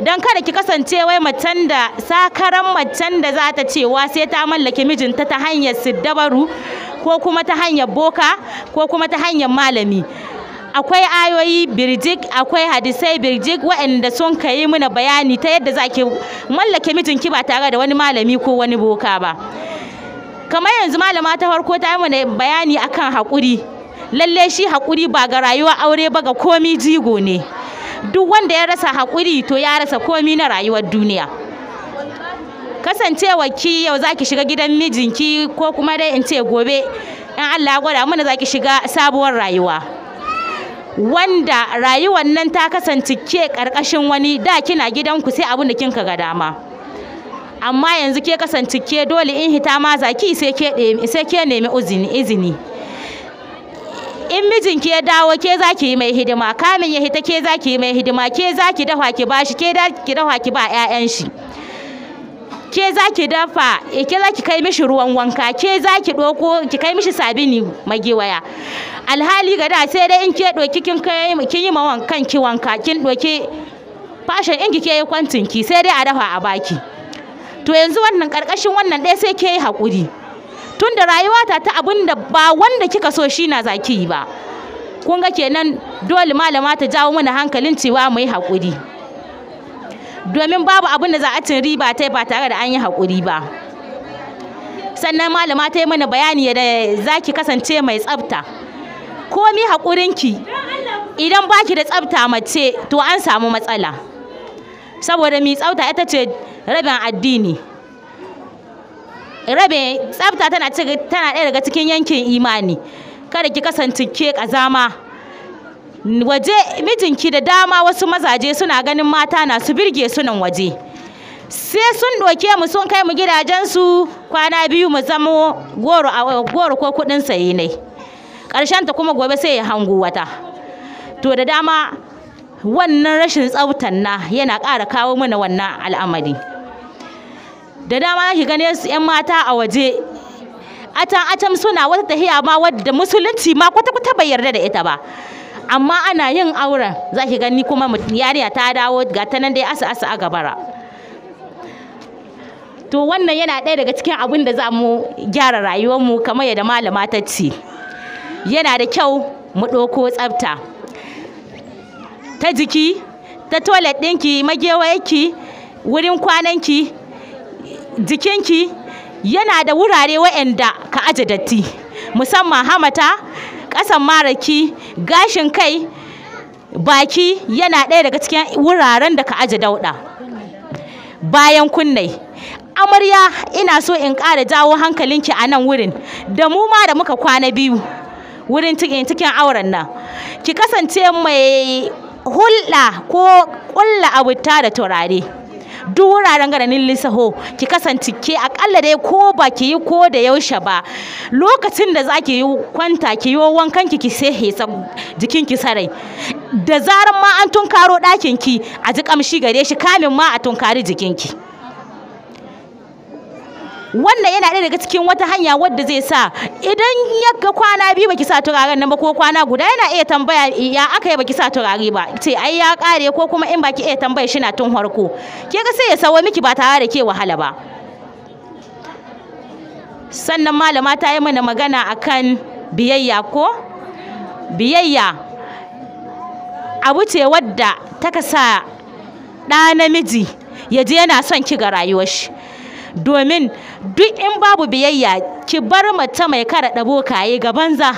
don kada ki kasance wai macen da sakaran macen da za ta cewa sai ta mallake mijinta ta hanyar siddabaru ko kuma ta hanyar boka ko kuma ta hanyar malami akwai ayoyi birjik akwai hadisai birjik waɗanda sun ka yi mana bayani ta yadda za ki mallake mijinki ba tare da wani malami ko wani boka ba kamar yanzu malama ta farko ta yi mana bayani akan haƙuri lalle shi haƙuri ba ga rayuwa aure ba ga komi jigo ne duk wanda ya rasa haƙuri to ya rasa komi na rayuwar duniya kasancewa ki yau za ki shiga gidan mijinki ko kuma dai in ce gobe in Allah ya gwada mana za ki shiga sabuwar rayuwa wanda rayuwar nan ta kasance ke ƙarƙashin wani da kina gidanku sai abin da kinka ga dama amma yanzu ke kasance ke dole in hita ma zaki sai ke sai ke nemi izini izini in mijinki ya dawo ke zaki yi mai hidima kamin ya hita ke zaki yi mai hidima ke zaki dafa ki bashi ke ki dafa ki ba ƴaƴan shi ke za ki dafa eh, ke zaki ki kai mishi ruwan wanka ke za ki ki kai mishi sabini magewaya alhali ga da sai dai in ke doki kin kai kin yi ma wankan wanka kin doki fashion in kike yi kwantin ki sai dai a dafa a baki to yanzu wannan karkashin wannan dai sai ke yi hakuri tunda rayuwa ta abin da ba wanda kika so shi na zaki yi ba kun ga kenan dole malama ta jawo mana hankalin cewa mu yi hakuri domin babu abin da za a cin riba ta ba tare da an yi hakuri ba sannan malama ta yi mana bayani da zaki kasance mai tsafta komi haƙurinki idan baki da tsafta mace to an samu matsala saboda mi tsafta ita ce rabin addini rabe tsafta tana tana ɗaya daga cikin yankin imani kada ki kasance ke ƙazama waje mijinki da dama wasu mazaje suna ganin mata na su birge sunan waje sai sun ɗauke mu sun kai mu gidajen su kwana biyu mu zamo goro ko kuɗin saye ne ta kuma gobe sai ya hangu wata to da dama wannan rashin tsautan na yana ƙara kawo mana wannan al'amari da dama ki gane su 'yan mata a waje atan atam suna wata tahiya ma wadda musulunci ma kwata-kwata bai yarda da ita ba amma ana yin auren za ki gani kuma yariya ta dawo ga ta nan dai asa asa a gabara to wannan yana ɗaya daga cikin abin da za mu gyara mu kamar yadda malama ta ce yana da kyau mu ɗauko tsafta ta jiki ta toilet ɗinki magewayenki wurin kwananki jikinki yana da wurare wa'anda ka aje datti musamman hamata ƙasan maraki gashin kai baki yana ɗaya daga cikin wuraren da ka aje dauɗa bayan kunnai amarya ina so in ƙara jawo hankalinki a nan wurin da mu ma da muka kwana biyu wurin cikin auren nan ki kasance mai hulɗa ko ƙulla abuta da turare duk wuraren garanin lissaho ki kasance ke akalla dai ko ba ki yi ko da yaushe ba lokacin da za ki yi kwanta ki yi wankan ki ki hesa jikin ki sarai da zarar ma an tunkaro ɗakin ki a ji kamshi gare shi kamin ma a tunkari jikin ki wannan yana ɗaya daga cikin wata hanya wadda zai sa idan ya ga kwana biyu baki sa turaren nan ba ko kwana guda yana iya tambaya ya aka yi baki sa turare ba ce ai ya kare ko kuma in baki iya tambaya shi na tun harko ke ga sai ya sawo miki ba tare da ke wahala ba sannan malama ta yi mana magana akan biyayya ko biyayya abu ce wadda ta sa ɗa namiji ya je yana son ki ga rayuwar shi domin duk in babu biyayya ki bar mace mai karaɗa bokaye ga banza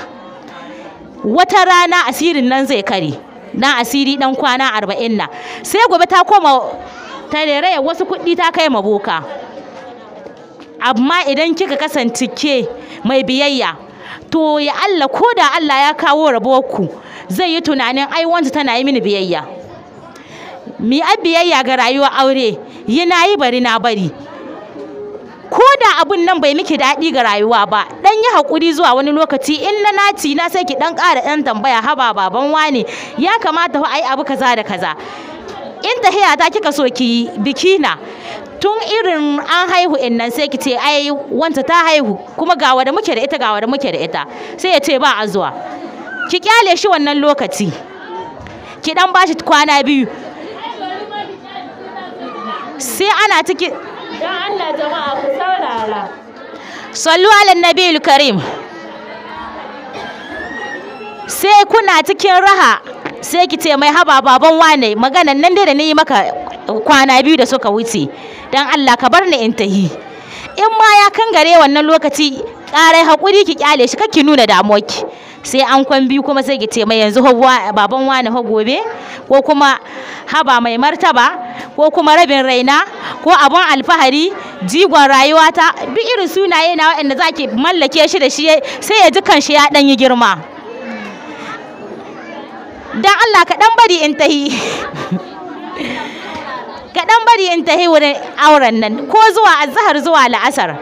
wata rana asirin nan zai kare na asiri dan kwana arba'in na sai gobe ta koma ta reraya wasu kuɗi ta kai ma boka amma idan kika kasance ke mai biyayya to ya Allah ko da Allah ya kawo rabuwarku zai yi tunanin ai wanda tana yi mini biyayya mi biyayya ga rayuwar aure yana yi bari na bari ko da abun nan bai miki daɗi ga rayuwa ba dan yi hakuri zuwa wani lokaci in na naci na sai ki ɗan ƙara ɗan tambaya haba baban wane ya kamata fa ai abu kaza da kaza in tahiya ta kika so ki biki na tun irin an haihu in nan sai ki ce ai wanta ta haihu kuma ga wanda muke da ita ga wanda muke da ita sai ya ce ba a zuwa ki kyale shi wannan lokaci ki dan bashi kwana biyu sai ana tiki... don Allah jama'a ku sallu ala nabiyul karim sai kuna cikin raha sai ki ce mai haba baban wane magana nan dai da ni maka kwana biyu da suka wuce dan Allah ka bar ni in tahi in ma ya gare wannan lokaci ƙarai hakuri ki kyale shi kake nuna damuwarki sai an kwan biyu kuma sai ki ce mai yanzu baban wani ha gobe ko kuma haba mai martaba ko kuma rabin raina ko abun alfahari jigon rayuwata duk irin sunaye na waɗanda zaki mallake shi da shi sai ya ji kanshi ya ɗan yi girma dan Allah ka ɗan bari in tahi ka ɗan bari in tahi wurin auren nan ko zuwa azhar zuwa la'asar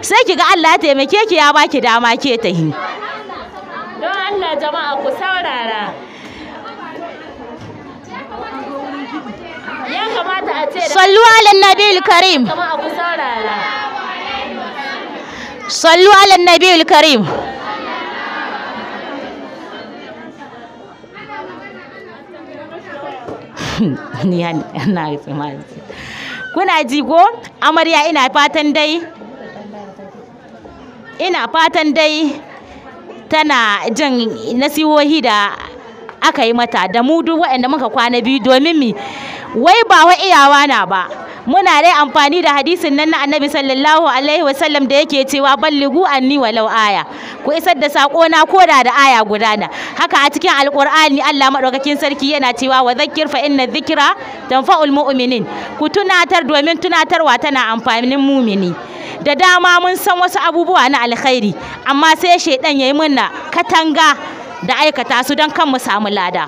sai ki ga Allah ya taimake ki ya baki dama ke tahi jama'a ku saurara ya kamata a ce sallu ala nabi karim jama'a ku saurara sallu ala nabi karim kuna ji ko amarya ina fatan dai ina fatan dai tana jin nasihohi da aka yi mata da mu duk waɗanda muka kwana biyu domin mi wai ba wa iyawa na ba muna dai amfani da hadisin nan na annabi sallallahu alaihi wasallam da yake cewa balligu anni walau aya ku isar da sako na koda da aya guda na haka a cikin alqur'ani Allah madaukakin sarki yana cewa wa dhakkir fa inna dhikra tanfa'ul mu'minin ku tunatar domin tunatarwa tana amfanin mumini da dama mun san wasu abubuwa na alkhairi amma sai shaidan yayi muna katanga da aikata su don kan mu samu lada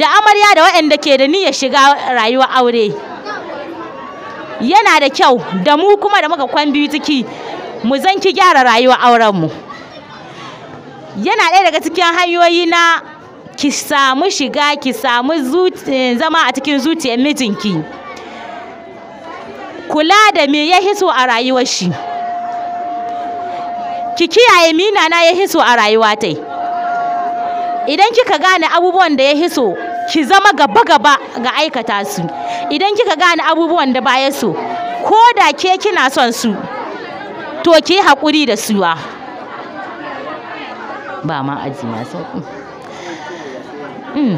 da amarya da waɗanda ke da niyyar shiga rayuwar aure yana da kyau da mu kuma da muka kwan biyu ciki mu zanki gyara rayuwar aurenmu yana ɗaya daga cikin hanyoyi na ki samu shiga ki samu zama a cikin zuciyar mijinki kula da me ya hiso a rayuwar shi ki kiyaye mina na ya hiso a rayuwa tai idan kika gane abubuwan da ya hiso ki zama gaba gaba ga aikata su idan kika gane abubuwan da baya so ko da ke kina son su to ki hakuri haƙuri da suwa ba ma aji na mm.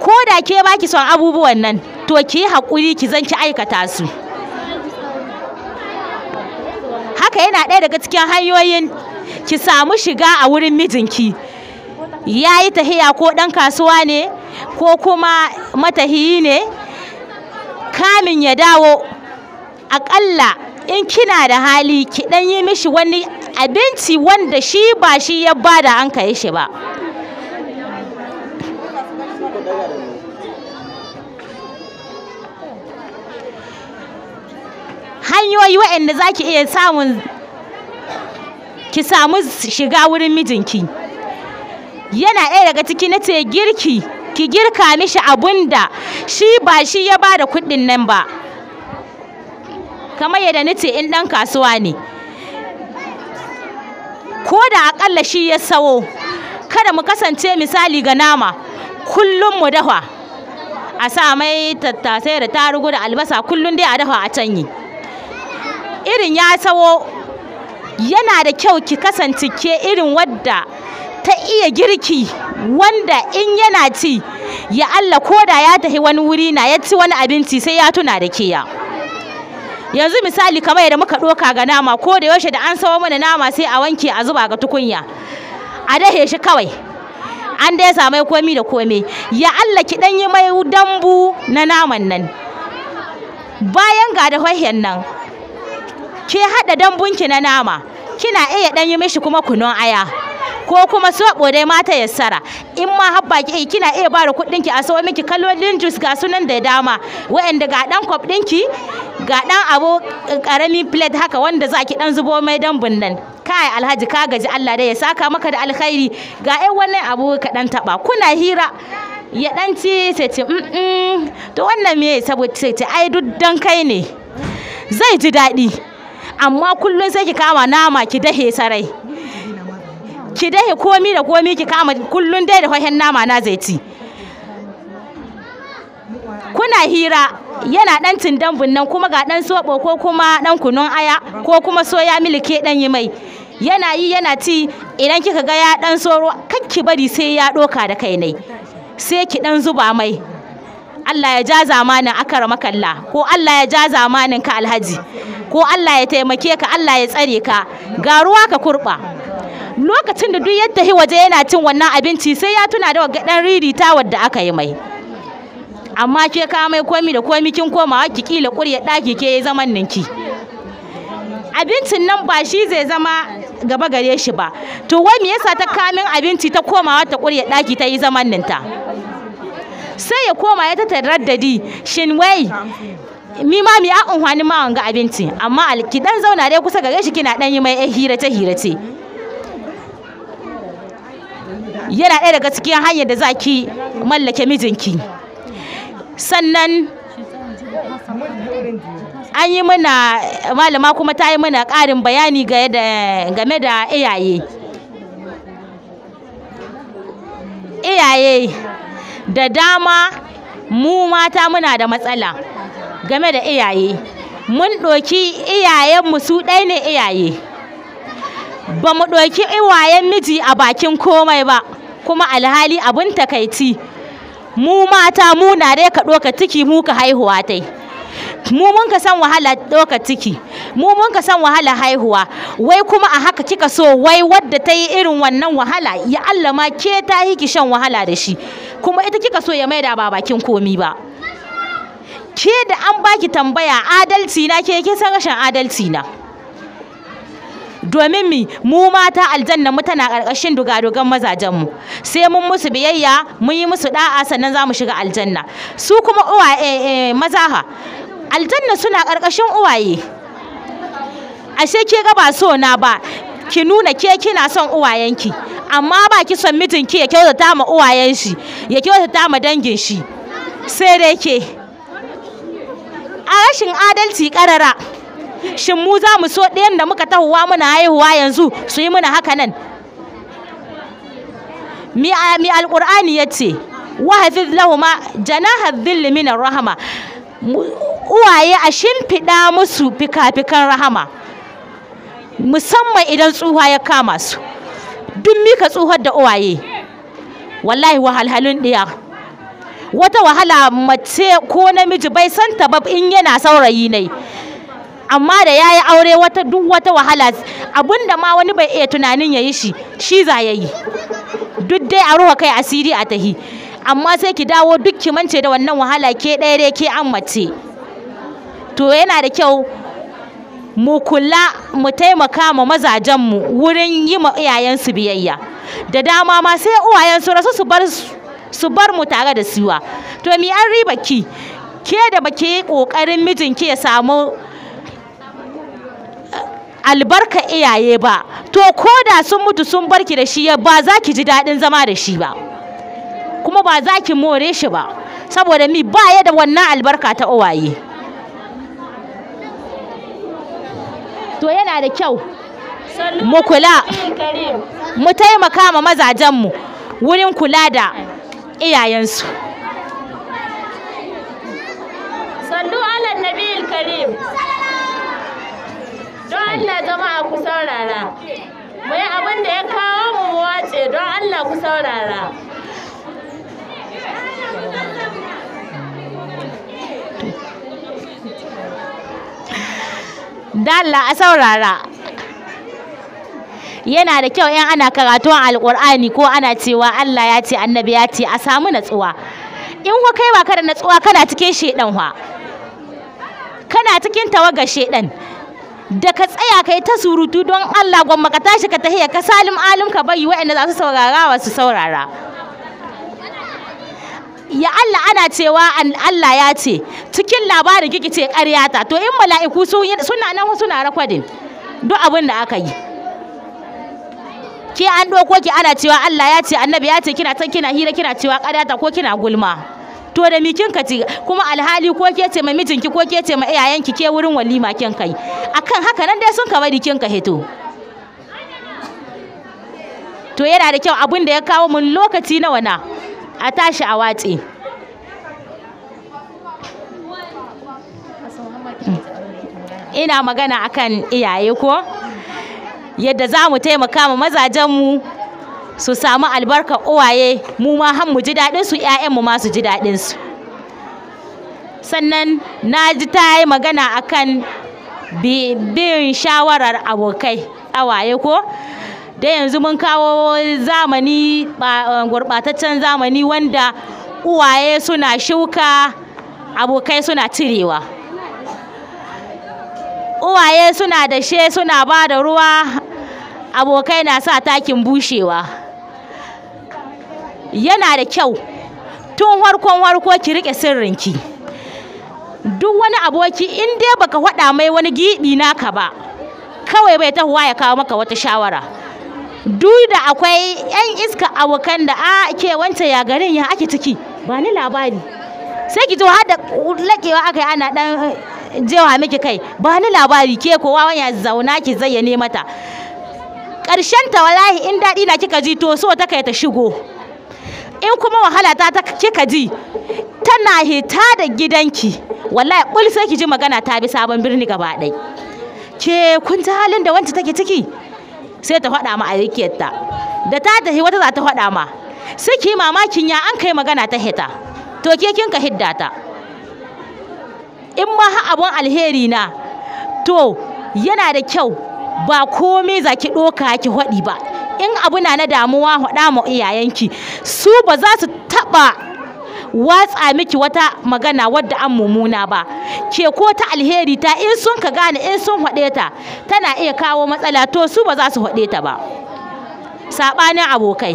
ko da ke baki son abubuwan nan to ki hakuri haƙuri ki zan ki aikata su haka yana ɗaya daga cikin hanyoyin ki samu shiga a wurin mijinki ya yi tahiya ko ɗan kasuwa ne ko kuma matahiyi ne kamin ya dawo aƙalla in kina da hali ki ɗan yi mishi wani abinci wanda shi ba shi ya bada an kai shi ba hanyoyi waɗanda za ki iya samun ki samu shiga wurin mijinki yana ɗaya daga ciki na ce girki ki girka mishi abun da shi ba shi ya ba da kuɗin nan ba kamar yadda nace in ɗan kasuwa ne ko da aƙalla shi ya sawo kada mu kasance misali ga nama kullum mu dafa a sa mai tattasai da tarugu da albasa kullum dai a dafa a can yi. irin ya sawo yana da kyau ki kasance ke irin wadda ta iya girki wanda in yana ci ya Allah ko da ya tafi wani wuri na ya ci wani abinci sai ya tuna da ke ya yanzu misali kamar yadda muka ɗoka ga nama ko da yaushe da an sawo mana nama sai a wanke a zuba ga tukunya a dahe shi kawai an dai samai komi da komai ya Allah ki ɗan yi mai dambu na naman nan bayan ga da nan ke haɗa dambunki na nama kina iya ɗan yi mishi kuma kunun aya ko kuma soɓo dai mata yassara in ma habba ki kina iya ba da kuɗin ki a sawo miki kalolin jus ga sunan da dama wa'anda ga dan kwaf ki ga dan abu karamin eh, plate haka wanda za ki dan zubo mai dambun nan kai alhaji ka gaji Allah dai ya saka maka da alkhairi ga ai wannan abu ka dan taba kuna hira ya dan ci sai ce to wannan me saboda sai ce ai duk dan kai ne zai ji daɗi amma kullum sai ki kama nama ki dahe sarai ki dai komi da komi ki kama kullun dai da hohen nama na zaiti. kuna hira yana dan tindan nan kuma ga dan sobo ko kuma dan kunun aya ko kuma soya milike dan yi mai yana yi yana ci idan kika ga ya dan soro ki bari sai ya doka da kai nai sai ki dan zuba mai Allah ya ja zamanin akara makalla ko Allah ya ja zamanin ka alhaji ko Allah ya taimake ka Allah ya tsare ka ga ruwa ka kurba lokacin da duk yadda hi waje yana cin wannan abinci sai ya tuna da dan ririta wadda aka yi mai amma ke ka mai komi da komi kin komawa ki kila kurya daki ke zaman ninki abincin nan ba shi zai zama gaba gare shi ba to wai me yasa ta kamin abinci ta komawa ta kurya daki ta yi zaman ninta sai ya koma ya ta raddadi shin wai mi ma mi a unhwani ma wanga abinci amma dan zauna dai kusa gare shi kina dan yi mai hira ta hira ce yana ɗaya daga cikin hanyar da za ki mallake mijinki sannan an yi mana malama kuma ta yi mana ƙarin bayani game da iyaye iyaye da dama mu mata muna da matsala game da iyaye mun ɗoki iyayenmu su ɗai ne iyaye ba mu ɗoki iwayen miji a bakin komai ba kuma alhali abun takaici mu mata mu na dai ka ɗauka ciki mu ka haihuwa tai mu mun ka san wahala ɗauka ciki mu mun ka san wahala haihuwa wai kuma a haka kika so wai wadda ta yi irin wannan wahala ya Allah ma ke ta yi ki shan wahala da shi kuma ita kika so ya maida ba bakin komi ba ke da an baki tambaya adalci na ke kin san rashin adalci na domin mi mu mata aljanna mu tana ƙarƙashin dugadugan mazajen mu sai mun musu biyayya mun yi musu da'a sannan za mu shiga aljanna su kuma uwaye eh, eh, mazaha aljanna suna karkashin uwaye ashe ke ga ba so na ba ki nuna ke kina son uwayenki amma ba ki son mijinki ya kyautata ma uwayen shi ya kyautata ma dangin shi sai dai ke a rashin adalci karara shin mu za mu so ɗayan da muka tahowa muna haihuwa yanzu su yi muna haka nan mi alƙur'ani ya ce wahafiz lahuma janaha rahama uwaye a shimfiɗa musu fika-fikan rahama musamman idan tsuha ya kama su duk mika tsuhar da uwaye wallahi wahalhalun ɗiya wata wahala mace ko namiji bai santa ba in yana saurayi ne amma da ya yi aure wata duk wata wahala abun da ma wani bai iya tunanin ya yi shi shi za ya yi duk dai a ruwa kai asiri a tahi amma sai ki dawo duk ki mance da wannan wahala ke ɗaya dai ke an mace to yana da kyau mu kula mu taimaka ma mazajenmu wurin yi ma iyayensu biyayya da dama ma sai uwayensu rasu su bar su bar mu tare da siwa to mi an riba ki ke da baki kokarin mijinki ya samu albarka iyaye ba to ko da sun mutu sun barki da shi ba za ki ji daɗin zama da shi ba kuma ba za ki more shi ba saboda mi ba ya da wannan albarka ta uwaye to yana da kyau mu kula mu taimaka ma mazajenmu wurin kula da iyayensu sallu don Allah jama'a ku saurara mu yi abin da ya kawo mu mu wace don Allah ku saurara Allah a saurara yana da kyau in ana karatun alkur'ani ko ana cewa Allah ya ce annabi ya ce a samu natsuwa in kuwa kai ba ka da natsuwa kana cikin shedan kana cikin tawagar shedan da ka tsaya yi ta surutu don Allah gwamma ka tashi ka tahiya ka salim alim ka bayi wa'anda za su saurara wa su saurara ya Allah ana cewa Allah ya ce cikin labarin gigice ce karyata to in mala'iku suna nan suna rakwadin duk abin da aka yi ke an ɗauko ki ana cewa Allah ya ce annabi ya ce kina can kina hira kina cewa ƙarya ko kina gulma to da mi kin ci kuma alhali ko ke ce ma mijinki ko ke ce ma iyayenki ke wurin walima kin kai akan haka nan dai sun ka bari kin ka hito to yana da kyau abin da ya kawo mun lokaci nawa na a tashi a watse ina magana akan iyaye ko yadda za mu taimaka ma mazajenmu su samu albarka uwaye mu ma han mu ji daɗin su ƴaƴan mu ma su ji daɗin su sannan na ji ta yi magana akan bin shawarar abokai awaye ko da yanzu mun kawo zamani eh, gurɓataccen zamani wanda uwaye suna shuka abokai suna cirewa uwaye suna da dashe suna ba da ruwa abokai na sa takin bushewa yana da kyau tun harkon harko ki riƙe sirrinki duk wani aboki in dai baka faɗa mai wani giɓi naka ba kawai bai tahowa ya kawo maka wata shawara duk da akwai 'yan iska abokan da a ah, ke wancan ya garin ya ake ciki ba ni labari sai ki zo har da laƙewa aka ana ɗan eh, jewa miki kai ba ni labari ke kowa wani zauna ki zayyane mata ƙarshen ta wallahi in daɗi na kika ji to so ta kai ta shigo in kuma wahala ta ta kika ji tana hita da gidanki wallahi kul sai ki ji magana ta bi sabon birni gaba ɗai ke kun ta halin da wancan take ciki sai ta faɗa ma a da ta tafi wata za ta faɗa ma sai ki mamakin ya an kai magana ta hita to ke kin ka hidda ta in ma ha abun alheri na to yana da kyau ba komai za ki ɗoka ki haɗi ba in abu na na damuwa faɗa ma iyayenki su ba za su taɓa watsa miki wata magana wadda an mumuna ba ke ko ta alheri ta in sun ka gane in sun haɗe ta tana iya kawo matsala to su ba za su haɗe ta ba saɓanin abokai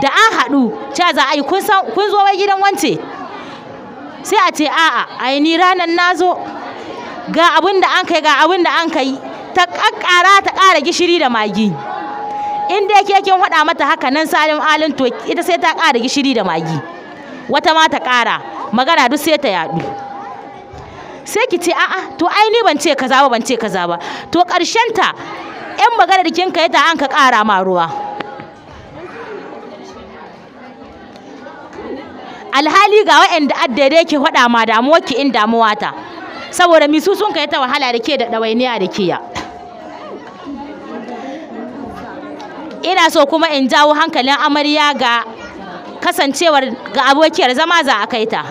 da an haɗu cha za a yi kun zo wai gidan wance sai a ce a'a ai ni ranar na zo ga abin da an kai ga abin da an kai ta ƙaƙƙara ta ƙara gishiri da magi in dai ke kin faɗa mata haka nan salim alin to ita sai ta ƙara gishiri da magi wata ma ta ƙara magana duk sai ta yaɗu sai ki ce a'a to ai ni ban ce kaza ba ban ce kaza ba to ƙarshen ta in magana da ka kai ta an ka ƙara ma ruwa alhali ga wa'anda addare ke faɗa ma damuwa ki in damuwa ta saboda misu sun kai ta wahala da ke da ɗawainiya da ya ina so kuma in jawo hankalin amarya ga kasancewar ga abokiyar zama za a kai ta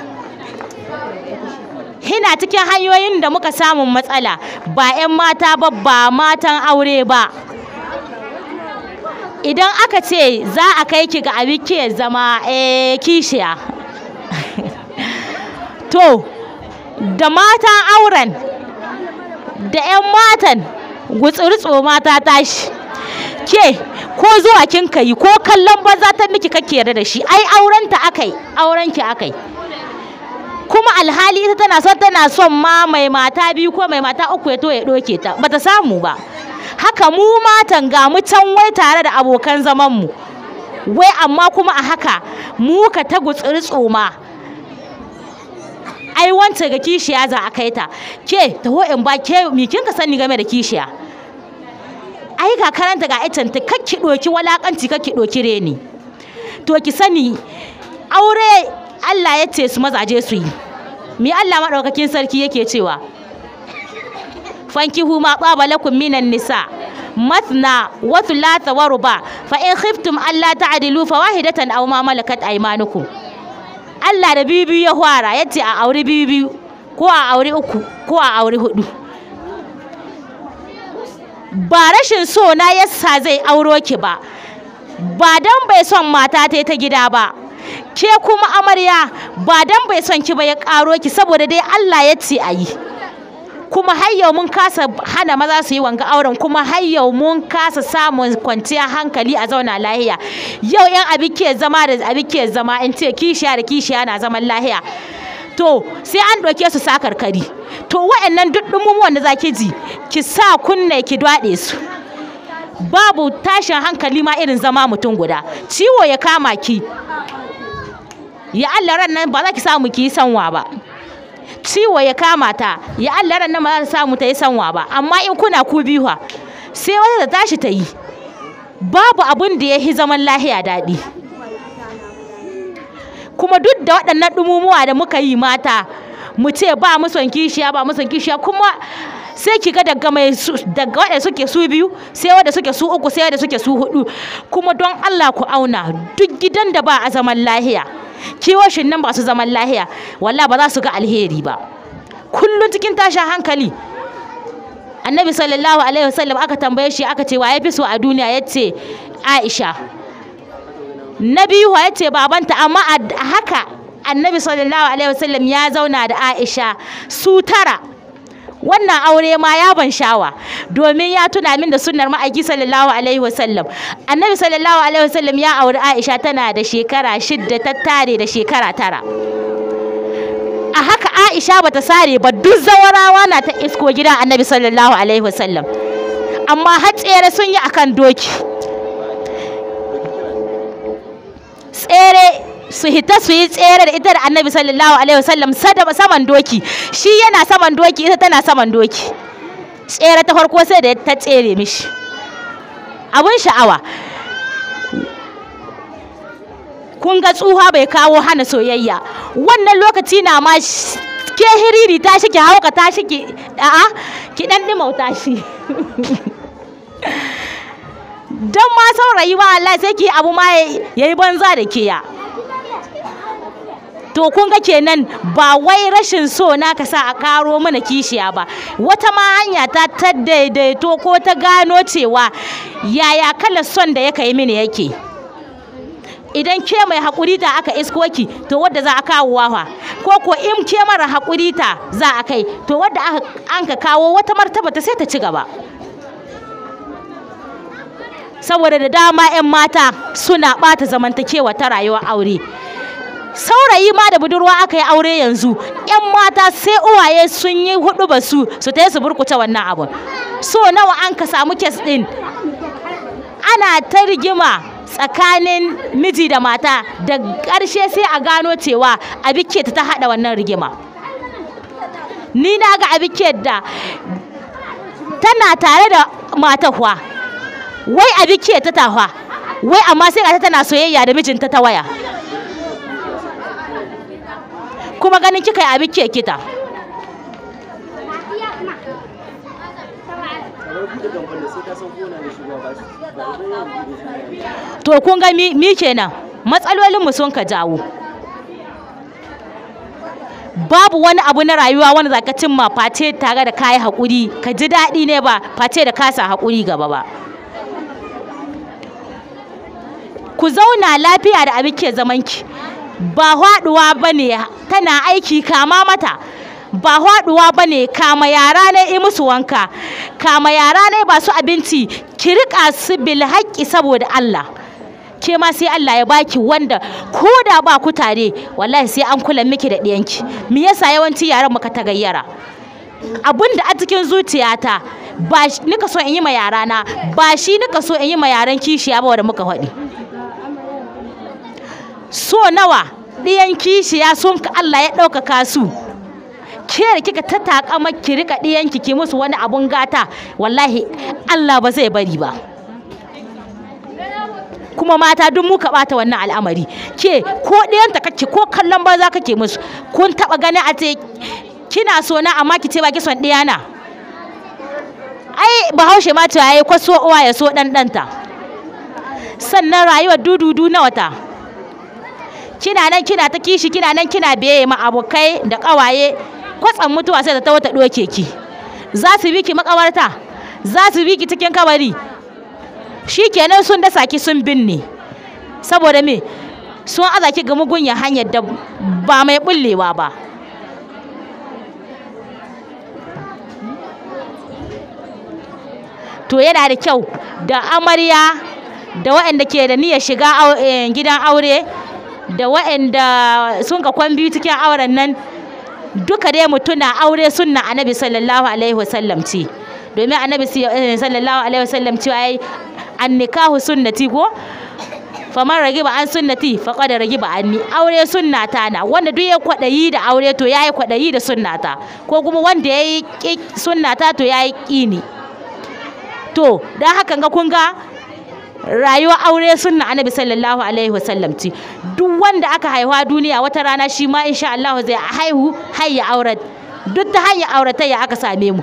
hina cikin hanyoyin da muka samun matsala ba 'yan mata ba matan aure ba idan aka ce za a kai ki ga abokiyar zama eh kishiya to da matan auren da 'yan matan gutsuri mata tashi ke ko zuwa kin yi ko kallon banza ta miki kake yarda da shi ai auren ta akai auren ki akai kuma alhali ita tana son tana son ma mai mata biyu ko mai mata uku ya to ya doke ta bata samu ba haka mu matan ga mu can wai tare da abokan zaman mu wai amma kuma a haka mu ka ta gutsiri tsoma ai wancan ga kishiya za a kai ta ke taho in ba ke mi kin ka sani game da kishiya ai ga karanta ga icen ta kakki doki walakanci kakki doki reni to ki sani aure Allah ya ce su mazaje su yi me Allah maɗaukakin sarki yake cewa fanki huma tsaba lakum minan nisa ruba fa in khiftum alla ta'dilu fa wahidatan aw ma malakat aymanukum Allah da bibi ya fara yace a aure bibi ko a aure uku ko a aure hudu ba rashin so na yasa zai auro ki ba ba dan bai son mata ta ta gida ba ke kuma amarya ba dan bai son ki ba ya karo ki saboda dai Allah ya ce ayi kuma har yau mun kasa hana maza su yi wanga auren kuma har yau mun kasa samun kwanciya hankali a zauna lahiya yau yan abi ke zama da abi ke zama in ce kishiya da kishiya na zaman lahiya to sai an doke su sakar kari to wa'annan duk dumumuwan za zaki ji ki sa kunna ki dwaɗe su babu tashin hankali ma irin zama mutum guda ciwo ya kama ki ya Allah ran nan ba za ki samu ki yi sanwa ba ciwo ya kama ta ya Allah ran nan ba za ta samu ta yi sanwa ba amma in kuna ku biyuwa sai wata ta tashi ta yi babu abin da ya yi zaman lahiya daɗi kuma duk da waɗannan ɗumumuwa da muka yi mata mu ce ba mu son kishiya ba mu son kishiya kuma sai ki ga daga mai daga wanda suke su biyu sai wanda suke su uku sai wanda suke su hudu kuma don Allah ku auna duk gidan da ba a zaman lahiya kiwoshin nan ba su zaman lahiya wallahi ba za su ga alheri ba kullun cikin tashin hankali annabi sallallahu alaihi wasallam aka tambaye shi aka ce wa ya fi so a duniya yace Aisha na biyu ya ce babanta amma a haka annabi sallallahu alaihi wasallam ya zauna da aisha su tara wannan aure ma ya ban shawa domin ya tuna min da sunnar ma'aiki sallallahu alaihi wasallam annabi sallallahu alaihi wasallam ya auri aisha tana da shekara shidda ta tare da shekara tara a haka aisha bata sare ba duk zawarawa na ta isko gidan annabi sallallahu alaihi wasallam amma har tsere sun yi akan doki tsere su hita su yi tsere da ita da annabi sallallahu alaihi wasallam saman doki shi yana saman doki ita tana saman doki tsere ta farko sai da ta tsere mishi abun sha'awa kun ga tsuha bai kawo hana soyayya wannan lokaci na ma ke hiriri ta shi hauka ta shi ki a'a ki dan dimauta shi don ma saurayi ba Allah sai ki abu ma yayi banza da ke ya to kun ga kenan ba wai rashin so na ka sa a karo mana kishiya ba wata ma hanya ta ta daidaito ko ta gano cewa yaya kala son da ya kai mini yake idan ke mai haƙuri ta aka iskoki to wadda za a kawo wawa ko ko in ke mara haƙuri ta za a kai to wadda an ka kawo wata martaba ta sai ta ci gaba saboda da dama 'yan mata suna ɓata zamantakewa ta rayuwar aure saurayi ma da budurwa aka yi aure yanzu 'yan mata sai uwaye sun yi hudu ba su su ta yi su burkuta wannan abun so nawa an ka samu kes din ana ta rigima tsakanin miji da mata da ƙarshe sai a gano cewa abike ta haɗa wannan rigima ni na ga abike da tana tare da matahwa wai a biki ta tafa wai amma sai ga tana soyayya da mijinta ta waya kuma ganin kika yi a biki kita to kun ga mi kenan matsalolin mu sun ka jawo babu wani abu na rayuwa wanda zaka cimma face tare da kayi hakuri, ka ji daɗi ne ba face da kasa hakuri gaba ba ku zauna lafiya da abin ke ki. ba haɗuwa ba ne tana aiki kama mata ba haɗuwa ba ne kama yara ne yi musu wanka kama yara ne ba su abinci ki riƙa su bil haƙƙi saboda Allah ke ma sai Allah ya baki wanda ko da ba ku tare wallahi sai an kula miki da ɗiyanki me yasa yawanci yaran muka ta gayyara abin da a cikin zuciyata ba nika so in yi ma yarana ba shi nika so in yi ma yaran kishiya ba wanda muka faɗi so nawa ɗiyan kishiya sun Allah ya ɗaukaka su ke da kika ta takama ki rika ɗiyanki ki musu wani abun gata wallahi Allah ba zai bari ba kuma mata duk muka bata wannan al'amari ke ko ɗiyanta kake ko kallon ka kake musu kun taɓa ganin a ce kina so na amma ki ce ba ki son ɗiyana ai bahaushe ma ta yayi kwaso uwa ya so ɗanɗanta sannan rayuwar dududu na wata kina nan kina ta kishi kina nan kina biye ma abokai da kawaye kwatsan mutuwa sai ta wata doke ki za su bi ki makawarta za su bi ki cikin kabari shikenan sun dasa ki sun binne saboda me sun aza ki ga mugunya hanyar da ba mai bullewa ba to yana da kyau da amarya da waɗanda ke da niyyar shiga eh, gidan aure da waɗanda sun ga kwan biyu cikin auren nan duka dai mutuna aure sunna annabi sallallahu alaihi wasallam ce domin annabi eh, sallallahu alaihi wasallam ai an nikahu sunnati ko faman ragiba an sunnati ba ragiba anni aure ta na wanda duk ya kwadayi da aure to yayi kwadayi da ta ko kuma wanda yayi ta to yayi kini to dan hakan ga kun ga rayuwar aure sunna annabi sallallahu alaihi wasallam ce duk wanda aka haihuwa duniya wata rana shi ma insha Allah zai haihu ya aure. duk ta hanyar ya aka same mu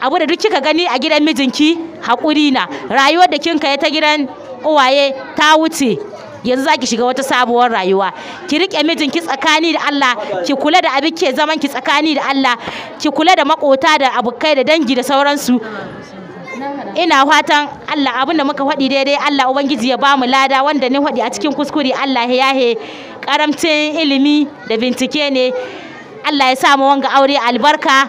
abu da duk kika gani a gidan mijinki haƙuri na rayuwar da kinka ya ta gidan uwaye ta wuce yanzu zaki ki shiga wata sabuwar rayuwa ki rike mijinki tsakani da Allah ki kula da abin ke zaman ki tsakani da Allah ki kula da makota da abokai da dangi da sauransu ina fatan Allah abin da muka faɗi daidai Allah ubangiji ya bamu lada wanda ni faɗi a cikin kuskure Allah ya yahe karamcin ilimi da bincike ne Allah ya sa mu wanga aure albarka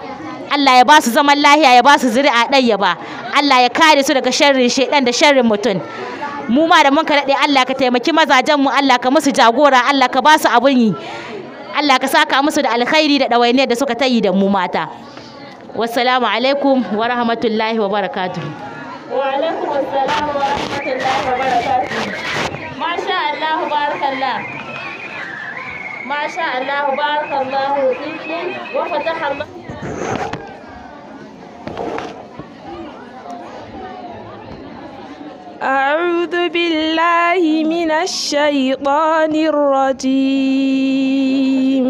Allah ya ba su zaman lahiya ya ba su zuri'a ɗaya ba Allah ya kare su daga sharrin shaidan da sharrin mutum mu ma da mun daɗe Allah ka taimaki mazajen mu Allah ka musu jagora Allah ka ba su abin yi Allah ka saka musu da alkhairi da ɗawainiyar da suka tayi da mu mata والسلام عليكم ورحمة الله وبركاته وعليكم السلام ورحمة الله وبركاته ما شاء الله بارك الله ما شاء الله بارك الله فيكم وفتح الله أعوذ بالله من الشيطان الرجيم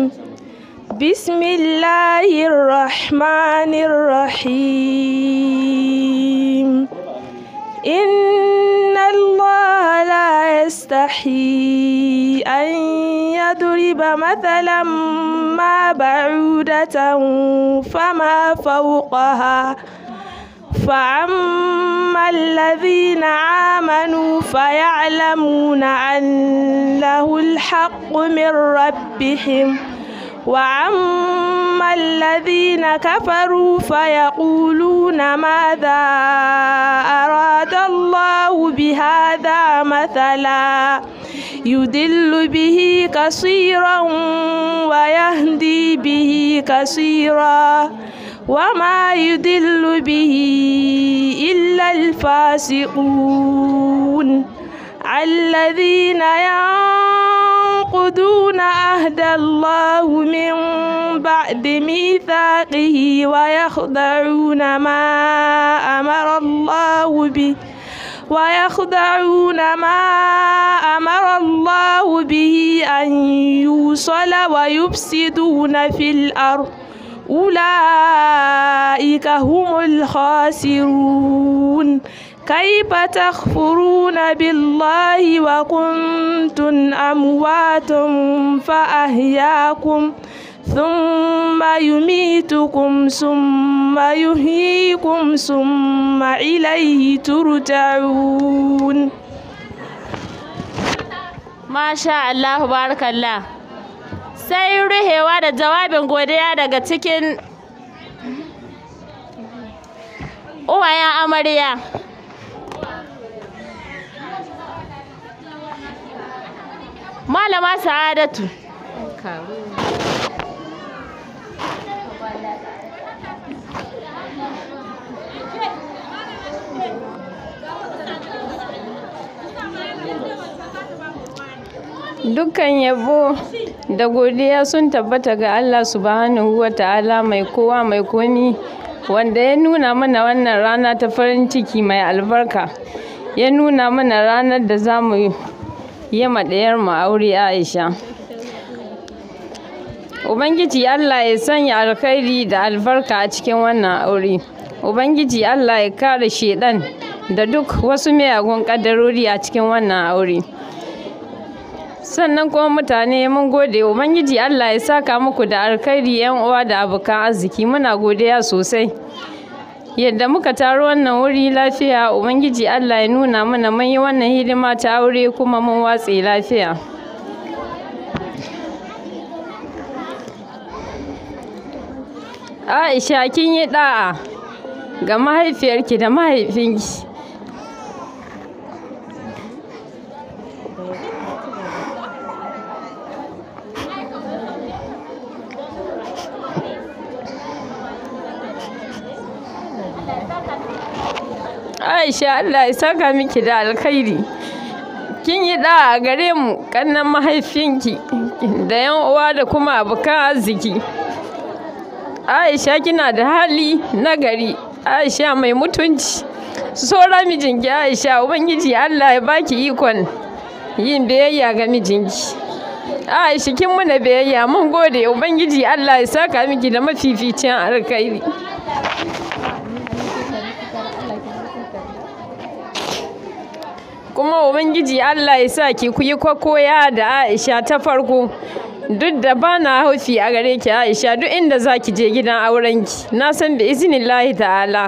بسم الله الرحمن الرحيم إن الله لا يستحي أن يضرب مثلا ما بعودة فما فوقها فأما الذين آمنوا فيعلمون أنه الحق من ربهم وأما الذين كفروا فيقولون ماذا أراد الله بهذا مثلا يدل به كثيرا ويهدي به كثيرا وما يدل به إلا الفاسقون الذين ينفقون ينقضون عهد الله من بعد ميثاقه ويخدعون ما أمر الله به ويخدعون ما أمر الله به أن يوصل ويفسدون في الأرض أولئك هم الخاسرون كيف تخفرون بالله وكنتم أمواتا فأحياكم ثم يميتكم ثم يحييكم ثم إليه ترجعون ما شاء الله بارك الله سيري ruhewa da jawabin godiya daga cikin uwayen Malama Sa'adatu. Dukkan yabo da godiya sun tabbata ga Allah subhanahu wa ta'ala mai kowa mai komi wanda ya nuna mana wannan rana ta farin ciki mai albarka ya nuna mana ranar da za mu ya maɗayar mu aure Aisha. Ubangiji Allah ya sanya alkhairi da albarka a cikin wannan aure. Ubangiji Allah ya kare shedan da duk wasu miyagun ƙaddarori a cikin wannan aure. sannan kuma mutane mun gode ubangiji allah ya saka muku da alkhairi yan uwa da abokan arziki muna godiya sosai yadda muka taru wannan wuri lafiya ubangiji allah ya nuna mana mun yi wannan hidima ta aure kuma mun watse lafiya aisha kin yi da'a ga mahaifiyarki da mahaifinki Aisha Allah ya saka miki da alkhairi kin yi da a gare mu kannan mahaifinki da yan uwa da kuma abokan arziki Aisha kina da hali na gari. Aisha mai mutunci sora mijinki Aisha ubangiji Allah ya baki ikon yin biyayya ga mijinki Aisha kin muna biyayya mun gode ubangiji Allah ya saka miki da mafificin alkhairi kuma ubangiji Allah ya sa ki kuyi koya da Aisha ta farko duk da ba na haufi a gare ki Aisha duk inda za ki je gidan auren ki na san bi iznillahi ta'ala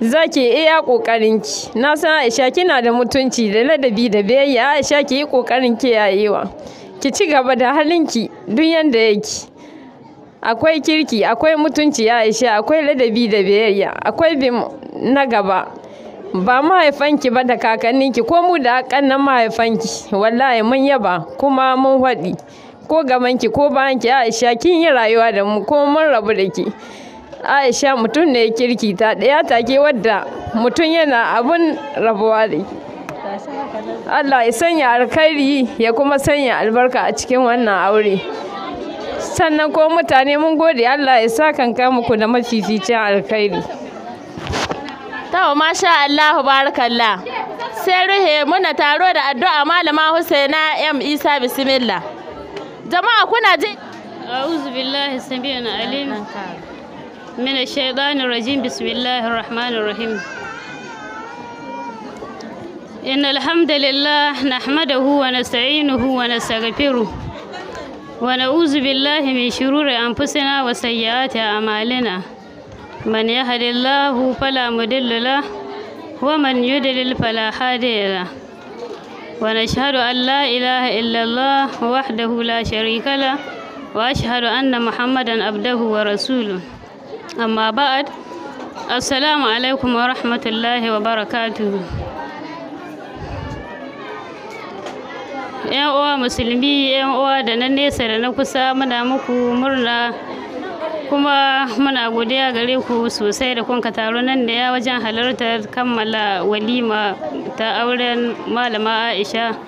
za ki iya ki na san Aisha kina da mutunci da ladabi da biyayya Aisha ki yi ƙoƙarin kiyayewa ki ci gaba da halin ki duk yanda yake akwai kirki akwai mutunci Aisha akwai ladabi da biyayya akwai bin na gaba ba mahaifanki ba da kakanninki ko mu da kannan mahaifanki wallahi mun yaba kuma mun faɗi ko gamanki ko bayanki aisha kin yi rayuwa da mu ko mun rabu da ki aisha mutum ne kirki ta ɗaya take wadda mutum yana abun rabuwa da ki Allah ya sanya alkhairi ya kuma sanya albarka a cikin wannan aure sannan ko mutane mun gode Allah ya sa kanka muku da mafificin alkhairi To masha Allahu barakallah. Sai ruhe muna taro da addu'a malama Husaina M Isa bismillah. Jama'a kuna ji A'udhu billahi samii'un alim. Min ash-shaytanir rajim bismillahir rahmanir rahim. إن الحمد لله نحمده ونستعينه ونستغفره ونعوذ بالله من شرور أنفسنا وسيئات أعمالنا من يهد الله فلا مضل له ومن يضلل فلا هادي له ونشهد أن لا إله إلا الله وحده لا شريك له وأشهد أن محمدا عبده ورسوله أما بعد السلام عليكم ورحمة الله وبركاته ‘Yan uwa musulmi, ‘yan uwa da na nesa da na kusa muna muku murna kuma muna godiya gare ku sosai da kunka taro nan da ya wajen halartar kammala walima ta auren malama aisha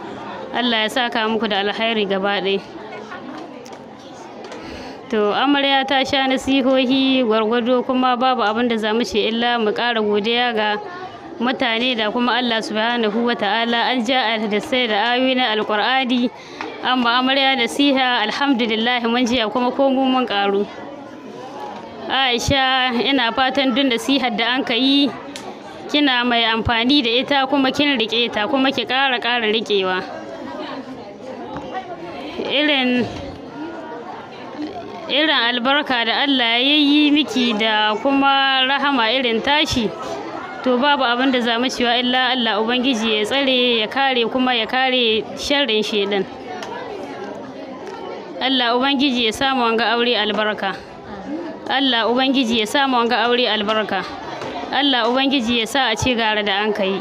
allah ya saka muku da alkhairi gaba ɗaya to amarya ta sha nasihohi gwargwado kuma babu abin da za mu ce illa mu ƙara godiya ga mutane da kuma allah subhanahu wa ta'ala an ja da sai da ayoyi na alƙur'ani amma amarya nasiha alhamdulillah mun jiya kuma ko mun ƙaru Aisha ina fatan duk nasihar da anka yi kina mai amfani da ita kuma kin riƙe ta kuma ki ƙara ƙara riƙewa irin irin albarka da Allah ya yi miki da kuma rahama irin tashi to babu abin da za mu ciwa illa Allah ubangiji ya tsare ya kare kuma ya kare sharrin shedan Allah ubangiji ya samu wanga aure albarka Allah Ubangiji ya sa mu ga aure albarka Allah Ubangiji ya sa a ci gara da an ka yi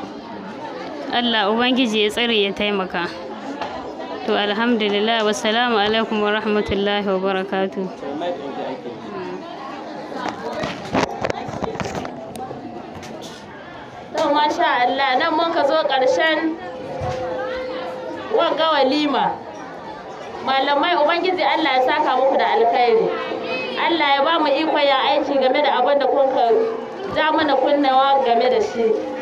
Allah Ubangiji ya tsare ya taimaka to alhamdulillah salamu alaikum wa rahmatullahi wa barakatu. masha Allah nan mun ka zo ƙarshen wanga walima malamai ubangiji Allah ya saka muku da alkhairi Allah ya ba mu ikon ya aiki game da abin da kun ja mana kunnawa game da shi